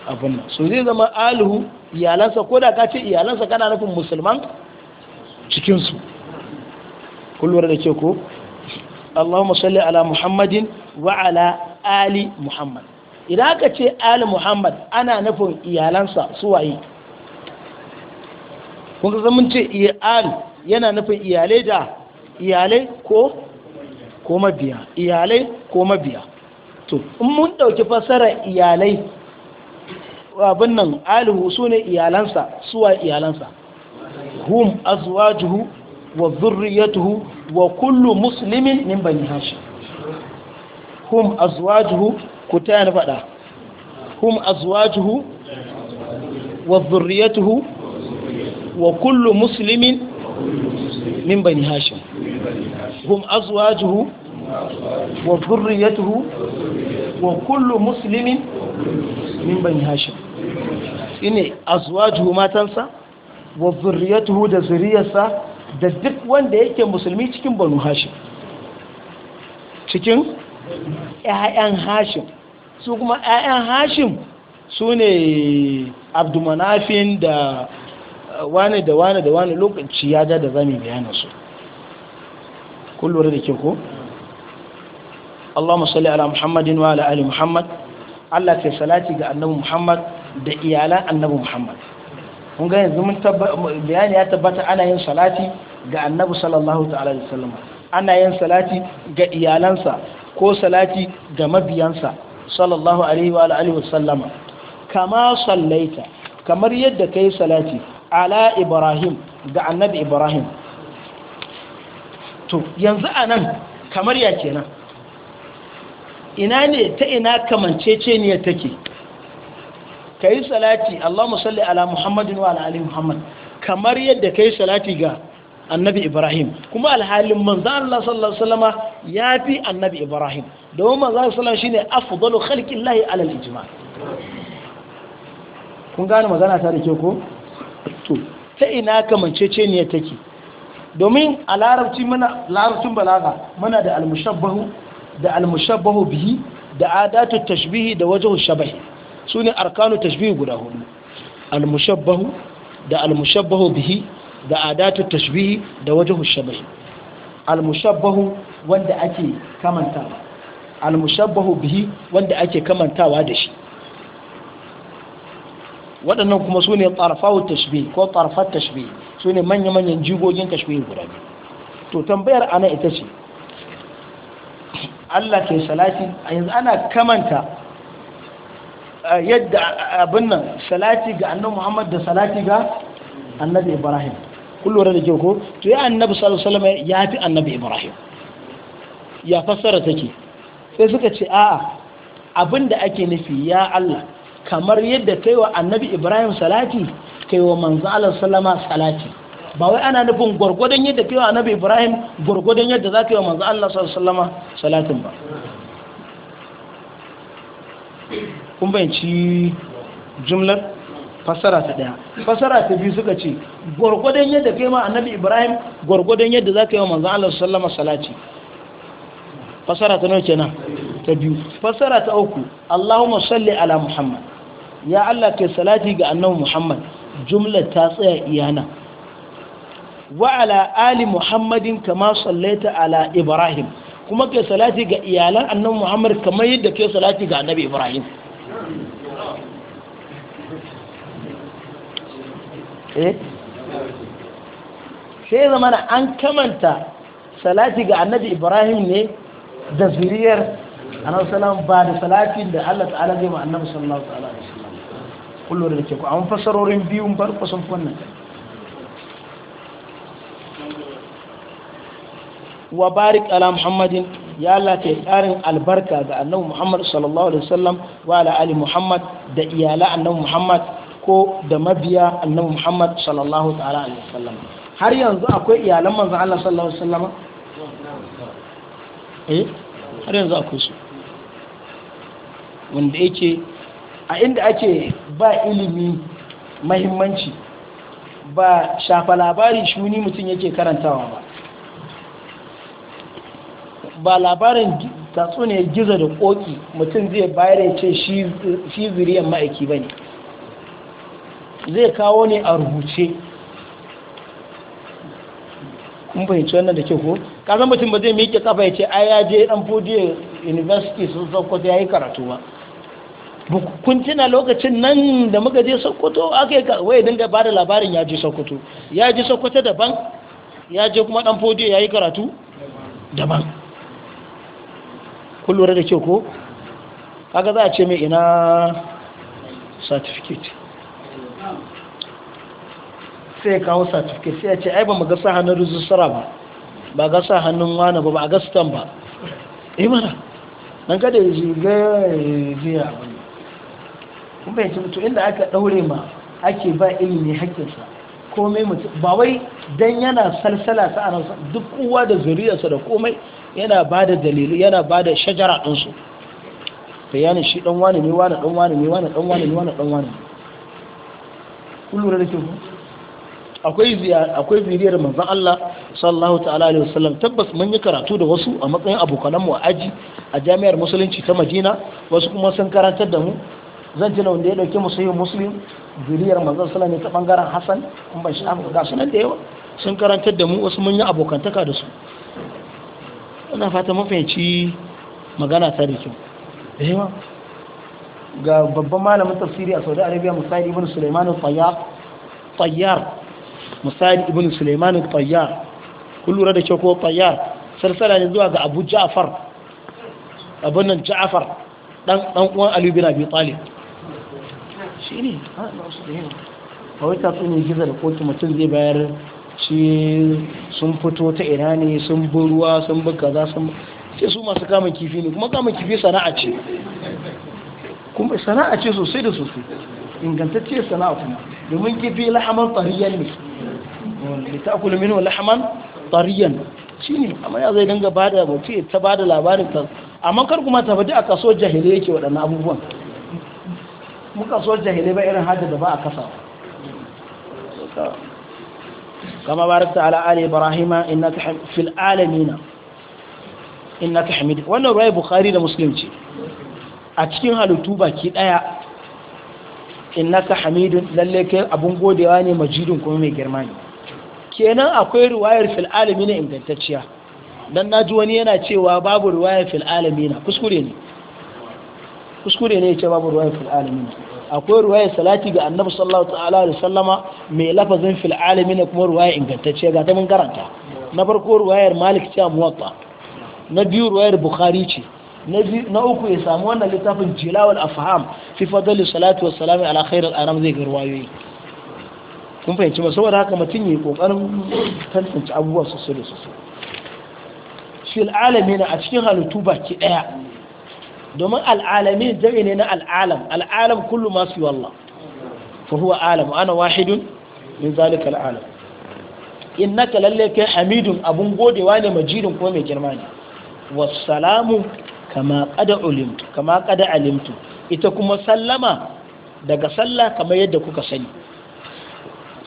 abin nan so zai zama alihu iyalansa ko da ka ce iyalansa kana nufin musulman cikinsu kullum da ke ko Allahumma salli ala Muhammadin wa ala ali Muhammad idan aka ce ali Muhammad ana nufin iyalansa suwaye kun san mun ce Ali. yana nufin iyalai da iyalai ko ko mabiya iyalai ko mabiya to in mun ɗauki fasara iyalai abin nan alihu sune iyalansa suwa iyalansa hum azwajuhu wa zurriyatuhu wa kullu muslimin min bani hashim hum azwajuhu ku ta yana faɗa hum azwajuhu wa zurriyatuhu wa kullu muslimin min bani hashim hum azwajuhu wa dhurriyyatuhu wa kullu muslimin min bani hashim ine azwajuhu matansa wa dhurriyyatuhu da zuriyarsa da duk wanda yake musulmi cikin banu hashim cikin ƴaƴan hashim su kuma ƴaƴan hashim su ne abdumanafin da wane da wane da wane lokaci ya ja da zami bayanin su kullum da ke ko Allahumma salli ala Muhammadin wa ala ali Muhammad Allah kai salati ga annabi Muhammad da iyalan annabi Muhammad kun ga yanzu mun bayani ya tabbata ana yin salati ga annabi sallallahu ta'ala alaihi wasallam ana yin salati ga iyalansa ko salati ga mabiyansa sallallahu alaihi wa alihi wasallama kama sallaita kamar yadda kai salati ala ibrahim ga annabi ibrahim to yanzu anan kamar ya kenan ina ne ta ina kamanceceniyar take kai salati allahumma salli ala Muhammadin wa ala Ali Muhammad kamar yadda kai salati ga annabi Ibrahim kuma alhalin manzo Allah sallallahu Alaihi wasallam ya fi annabi Ibrahim domin manzo sallallahu shi ne afdalu khalqin lahi alal ijma kun gane magana ta da ke ko to ta ina ne take domin a larabci muna larabcin balaga muna da almushabbahu da almushabbahu bihi da adatu tashbihi da wajhu shabahi sune arkanu tashbihi guda hudu almushabbahu da almushabbahu bihi da adatu tashbihi da wajhu shabahi almushabbahu wanda ake kamantawa almushabbahu bihi wanda ake kamantawa da shi waɗannan kuma su ne tsarfawar tashbih ko tsarfar tashbih su ne manya-manyan jigogin tashbih guda biyu to tambayar ana ita ce Allah ke salati a yanzu ana kamanta yadda abin nan salati ga annan Muhammad da salati ga annabi Ibrahim kun lura da kyau ko to ya annabi sallallahu alaihi ya fi annabi Ibrahim ya fassara take sai suka ce a'a abin da ake nufi ya Allah kamar yadda kai wa annabi ibrahim salati kai wa manzo Allah sallama salati ba wai ana nufin gwargwadon yadda kai wa annabi ibrahim gwargwadon yadda za ka yi wa manzo Allah sallama salatin ba kun bayanci jumlar fasara ta daya fasara ta biyu suka ce gwargwadon yadda kai ma annabi ibrahim gwargwadon yadda za ka yi wa manzo Allah sallama salati fasara ta nawa kenan ta biyu fassara ta uku Allahumma salli ala Muhammad ya Allah kai salati ga annabi Muhammad jumla ta tsaya iyana wa ala ali Muhammadin kama sallaita ala Ibrahim kuma kai salati ga iyalan annabi Muhammad kamar yadda kai salati ga annabi Ibrahim Sai eh? sai zamana an kamanta salati ga annabi Ibrahim ne da zuriyar annabi sallallahu ba da salatin da Allah ta'ala zai ma annabi sallallahu ta'ala alaihi wasallam kullu da ke ku an fasarorin biyun farko sun fannin wa barik ala muhammadin ya Allah ka yi albarka ga annabi muhammad sallallahu alaihi wasallam wa ala ali muhammad da iyala annabi muhammad ko da mabiya annabi muhammad sallallahu ta'ala alaihi wasallam har yanzu akwai iyalan manzo Allah sallallahu alaihi wasallam eh har yanzu akwai su wanda yake a inda ake ba ilimi mahimmanci ba shafa labari shuni mutum yake karantawa ba ba labarin tatsuniyar gizo da koki mutum zai bayar ya ce shi zuriyar ma'aiki ba ne zai kawo ne a rubuce kun fahimci wannan da ke ko kasan mutum ba zai miƙe kafa ya ce ai ya je dan fodiyo university sun sauko ya yi karatu ba kun tuna lokacin nan da muka je sokoto aka yi waye dinga ba da labarin ya je sokoto ya je sokoto daban ya je kuma dan fodi ya yi karatu daban kun lura da ke ko kaga za a ce mai ina certificate sai kawo certificate sai a ce ai ba mu ga sa hannun rijistara ba ba ga sa hannun wani ba ba a ga stamp ba eh mana nan kada ya ji ga ya ji abin kun fahimci mutum inda aka daure ma ake ba ilimi hakkinsa komai mutum ba wai dan yana salsala ta ana duk kowa da zuriyarsa da komai yana ba da dalilu yana ba da shajara ɗinsu bayanin shi ɗan wani ne wani ɗan wani ne wani ɗan wani ne wani ɗan wani ne kun da ke akwai akwai bidiyar manzon Allah sallallahu ta'ala alaihi wasallam tabbas mun yi karatu da wasu a matsayin abokanan mu a aji a jami'ar musulunci ta Madina wasu kuma sun karantar da mu zan tuna wanda ya dauke musayin muslim zuriyar manzon sallallahu alaihi ta bangaren hasan in ban shafa ga sunan da yawa sun karantar da mu wasu manyan abokantaka da su ina fata mun fahimci magana ta da kyau da eh yawa ga babban malamin tafsiri a Saudi Arabia musayi ibn suleiman al-Tayyar Tayyar ibn kun lura da kyau ko Tayyar sarsara ne zuwa ga Abu Ja'far abun nan Ja'far dan dan uwan Ali bin Abi Talib shi ne ta tsoni gizo da kotu mutum zai bayar shi sun fito ta ina ne sun bi ruwa sun bi kaza sun ce su masu kamun kifi ne kuma kamun kifi sana'a ce kuma sana'a ce sosai da sosai ingantacce sana'a kuma domin kifi lahaman tariyan ne da ta kula minu lahaman tariyan shi ne amma ya zai dinga bada mutu ta bada labarin ta amma kar kuma ta faɗi a kaso jahilai yake waɗannan abubuwan muka so jahilai ba irin hajji da ba a kasa kama barakta ala ali ibrahima innaka fil alamin innaka wannan rai bukari da musulunci. a cikin halittu baki daya ta hamidun lalle kai abun godewa ne majidun kuma mai girma ne kenan akwai ruwayar fil alamin ingantacciya dan naji wani yana cewa babu ruwayar fil alamin kuskure ne kuskure ne ya ce babu ruwaya fil alamin akwai ruwaya salati ga annabi sallallahu ta'ala da sallama mai lafazin fil alamin kuma ruwaya ingantacce ga ta mun karanta na farko ruwayar malik ce muwatta na biyu ruwayar bukhari ce na uku ya samu wannan littafin jilawal afham fi fadli salatu wa salami ala khairil anam zai ga ruwayoyi kun fahimci ba saboda haka mutum yi kokarin tantance abubuwa sosai da sosai fil alamin a cikin halittu baki daya domin al'alami jami ne na al'alam al'alam kullum masu yi Allah fa alam ana wahidun min zalika al'alam In na lalle kai hamidun abun godewa ne majidun kuma mai girma ne wassalamu kama qada ulimtu alimtu ita kuma sallama daga sallah kamar yadda kuka sani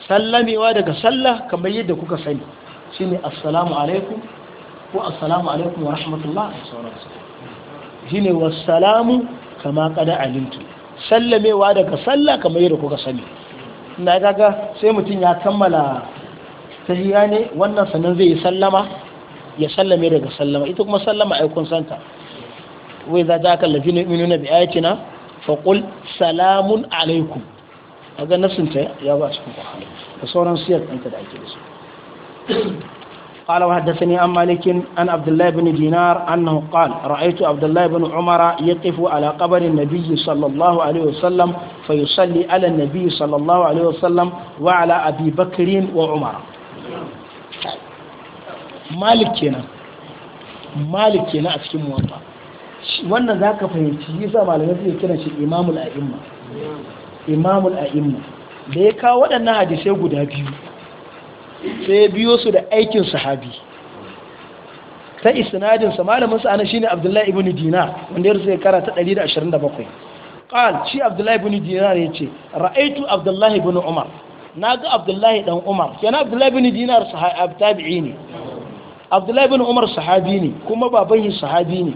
sallamewa daga sallah kamar yadda kuka sani shine assalamu alaikum ko assalamu alaikum wa rahmatullah da sauransu shine wassalamu kama kada alintu sallamewa daga sallah kamar yadda kuka sani ina gaga sai mutum ya kammala tahiyya ne wannan sanan zai yi sallama ya sallame daga sallama ita kuma sallama ai kun santa wai za ta kallafi ne minuna bi ayatina fa qul salamun alaikum kaga nasin ya ba kuka kwahala da sauran siyar ɗanta da ake da su قال وحدثني عن مالك عن عبد الله بن دينار أنه قال رأيت عبد الله بن عمر يقف على قبر النبي صلى الله عليه وسلم فيصلي على النبي صلى الله عليه وسلم وعلى أبي بكر وعمر مالك كنا مالك كنا أتكي موطا wannan za ka fahimci yi sa malamai suke kiran shi imamul a'imma imamul a'imma da ya kawo waɗannan hadisai guda biyu sai biyo su da aikin sahabi ta isnadin sa malamin sa ana shine Abdullahi ibn dina wanda ya rusa kara ta 127 qal shi Abdullahi ibn ne yace ra'aitu Abdullahi ibn Umar naga Abdullahi dan Umar kenan Abdullahi ibn dina sahabi tabi'i ne Abdullahi ibn Umar sahabi ne kuma baban shi sahabi ne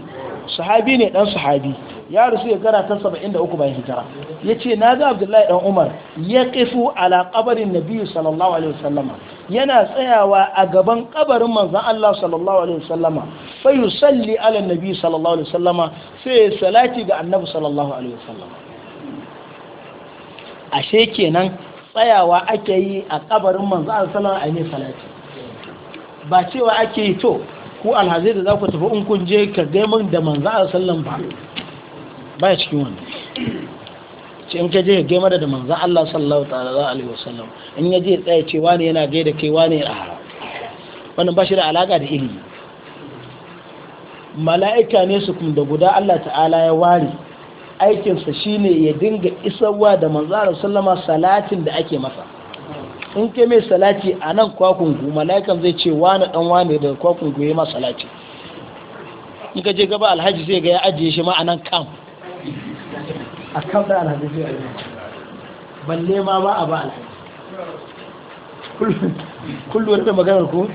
sahabi ne dan sahabi ya rasu gara ta 73 bayan hijira ya ce na ga Abdullahi dan Umar ya yaqifu ala qabrin Nabi sallallahu alaihi wasallama yana tsayawa a gaban kabarin manzan Allah sallallahu alaihi wasallama fa yusalli ala Nabi sallallahu alaihi wasallama sai salati ga Annabi sallallahu alaihi wasallama ashe kenan tsayawa ake yi a kabarin manzan Allah sallallahu alaihi wasallama salati ba cewa ake yi to ku alhazai da za ku tafi in kun je ka gaiman da manzon Allah sallallahu alaihi wasallama ba baya cikin wannan ce in ka je ka gaima da manzo Allah sallallahu ta'ala alihi wasallam in ya je tsaye ce wani yana gaida kai wani a wannan ba shi da alaka da ilimi mala'ika ne su kuma da guda Allah ta'ala ya ware aikinsa shine ya dinga isarwa da Allah sallama salatin da ake masa in ke mai salati a nan kwakungu mala'ikan zai ce wani dan wani da kwakungu ya ma salati in ka je gaba alhaji zai ga ya ajiye shi ma a nan kam a kan da alhaji zai yi balle ma ba a ba alhaji kullum da maganar ku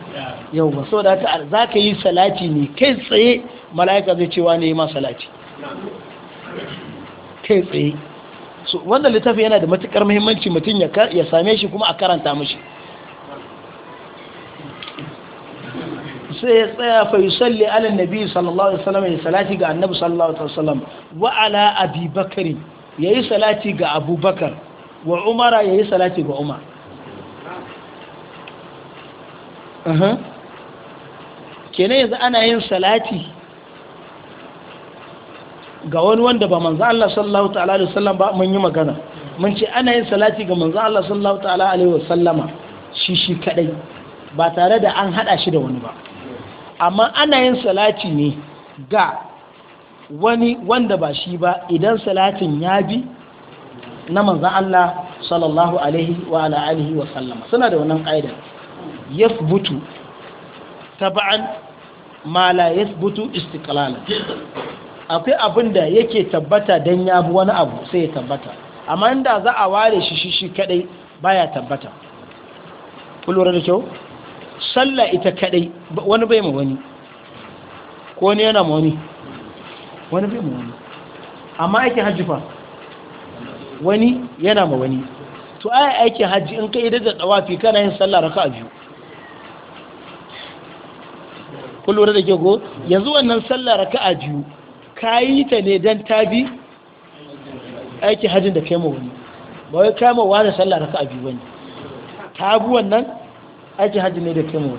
yau ba so da za ka yi salati ne kai tsaye mala'ika zai cewa ne ma salati kai tsaye wannan littafi yana da matukar muhimmanci mutum ya same shi kuma a karanta mashi sai ya tsaya fa yusalli ala nabi sallallahu alaihi wasallam ya salati ga annabi sallallahu alaihi wasallam wa ala abi bakari yayi salati ga abubakar wa umara yayi salati ga umar aha kenan yanzu ana yin salati ga wani wanda ba manzo Allah sallallahu ta'ala alaihi wasallam ba mun yi magana mun ce ana yin salati ga manzo Allah sallallahu ta'ala alaihi wasallama shi shi kadai ba tare da an hada shi da wani ba amma ana yin salati ne ga wani wanda ba shi ba idan salatin ya bi na manzan Allah sallallahu alaihi wa wa sallama suna da wannan ƙa'ida ta taba'an ma la butu istiklala akwai abin da yake tabbata don ya bi wani abu sai ya tabbata amma inda za a ware shi shi kadai baya tabbata kullum da kyau sallah ita kadai wani bai ma wani ko ne yana ma wani wani bai ma wani amma aikin hajji fa wani yana ma wani to ai aikin hajji in kai da dawafi kana yin sallah raka'a biyu kun lura da ke go yanzu wannan sallah raka'a biyu kayi ta ne dan tabi aikin hajjin da kai ma wani ba wai kai ma wani sallah raka'a biyu bane tabu wannan Aiki hajji ne da kai mu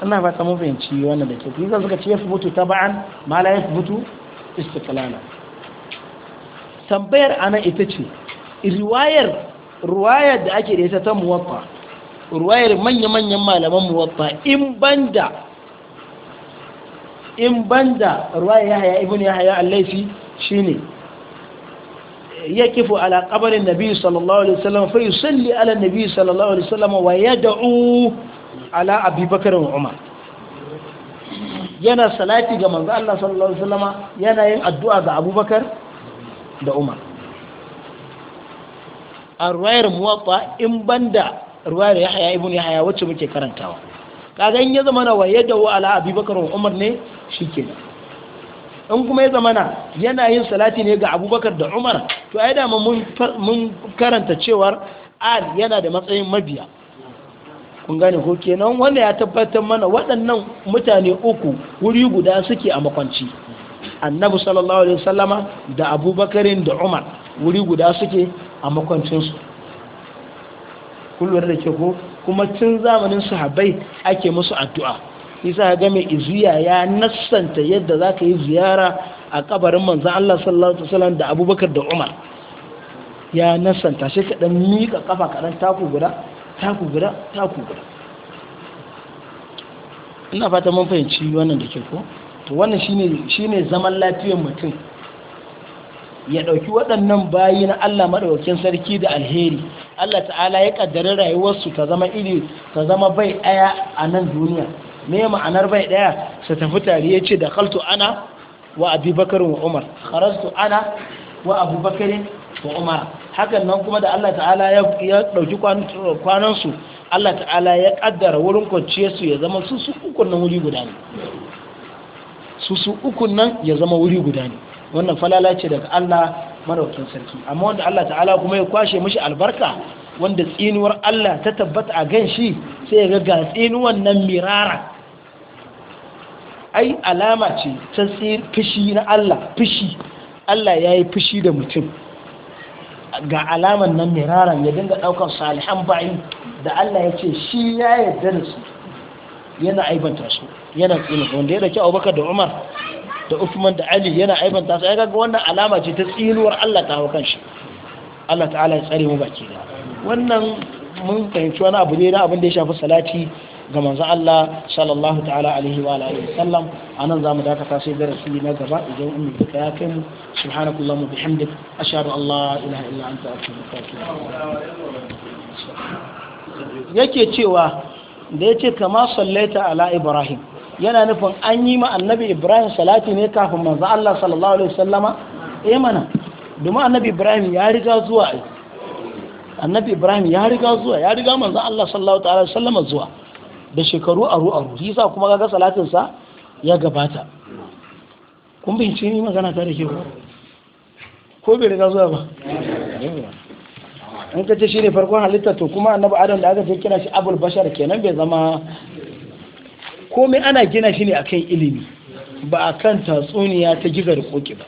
ana ina fata mafi yanci wannan da ke kuma suka ce ya ta ba'an ma la ya mutu. Istiklala. tambayar ana ita ce riwayar ruwayar da ake da ita ta muwaffa riwayar manya-manyan malaman muwaffa in banda in banda riwayar yahaya ibnu yahaya al-laifi shine yakifu ala qabarin nabi sallallahu alaihi wasallam fa yusalli ala nabi sallallahu alaihi wasallam wa yad'u ala abubakar wa umar yana salati ga manzo Allah sallallahu alaihi wasallam yana yin addu'a ga abubakar da umar a ruwayar muwatta in banda ruwayar yahya ibn yahya wacce muke karantawa kaga in ya zama na waye da ala umar ne shikenan in kuma ya zamana yana yin salati ne ga abubakar da umar to ai dama mun karanta cewar al yana da matsayin mabiya kun gane ko kenan wanda ya tabbatar mana waɗannan mutane uku wuri guda suke a makwanci annabi sallallahu alaihi wasallama da abubakarin da umar wuri guda suke a makwancinsu kullum da ke ko kuma tun zamanin sahabbai ake musu addu'a isa ga mai izuya ya nassanta yadda za ka yi ziyara a kabarin manzan Allah sallallahu alaihi wasallam da abubakar da umar ya nassanta shi kaɗan miƙa kafa kaɗan taku guda taku guda taku guda ina fata mun fahimci wannan da ke ko to wannan shi ne zaman lafiyar mutum ya ɗauki waɗannan bayi na Allah maɗaukin sarki da alheri Allah ta'ala ya ƙaddari rayuwarsu ta zama iri ta zama bai ɗaya a nan duniya me ma'anar bai daya sa tafi tare ya ce da kaltu ana wa abubakar wa umar kharastu ana wa abubakar wa umar hakan nan kuma da Allah ta'ala ya dauki kwanan su Allah ta'ala ya kaddara wurin kwanciye su ya zama su su uku nan wuri guda ne su su uku nan ya zama wuri guda ne wannan falala ce daga Allah madaukin sarki amma wanda Allah ta'ala kuma ya kwashe mishi albarka wanda tsinuwar Allah ta tabbata a gan shi sai ya ga tsinuwan nan mirara ai alama ce ta fishi na Allah fushi, Allah ya yi fishi da mutum ga alaman nan miraran ya dinga ɗaukar salihan bayi da Allah ya ce shi ya yarda da su yana aibanta su yana tsina wanda ya dake Abubakar da Umar da Uthman da Ali yana aibanta su ai kaga wannan alama ce ta tsinuwar Allah ta hawa shi Allah ta'ala ya tsare mu baki da wannan mun fahimci wani abu ne na abin da ya shafi salati ga manzo Allah sallallahu ta'ala alaihi wa alihi sallam anan zamu dakata sai darasi na gaba idan ummi ta ya kai mu subhanakallahumma bihamdik ashhadu an la ilaha illa anta astaghfiruka yake cewa da yace kama sallaita ala ibrahim yana nufin an yi ma annabi ibrahim salati ne kafin manzo Allah sallallahu alaihi wasallama eh mana domin annabi ibrahim ya riga zuwa annabi ibrahim ya riga zuwa ya riga manzo Allah sallallahu ta'ala sallama zuwa da shekaru aru aru shi sa kuma ga salatin sa ya gabata kun binci ni magana ta da ke ko bai riga zuwa ba in ka ce shi ne farkon halitta to kuma annabi adam da aka ce kira shi abul bashar kenan bai zama komai ana gina shi ne akan ilimi ba akan tatsuniya ta gigar koki ba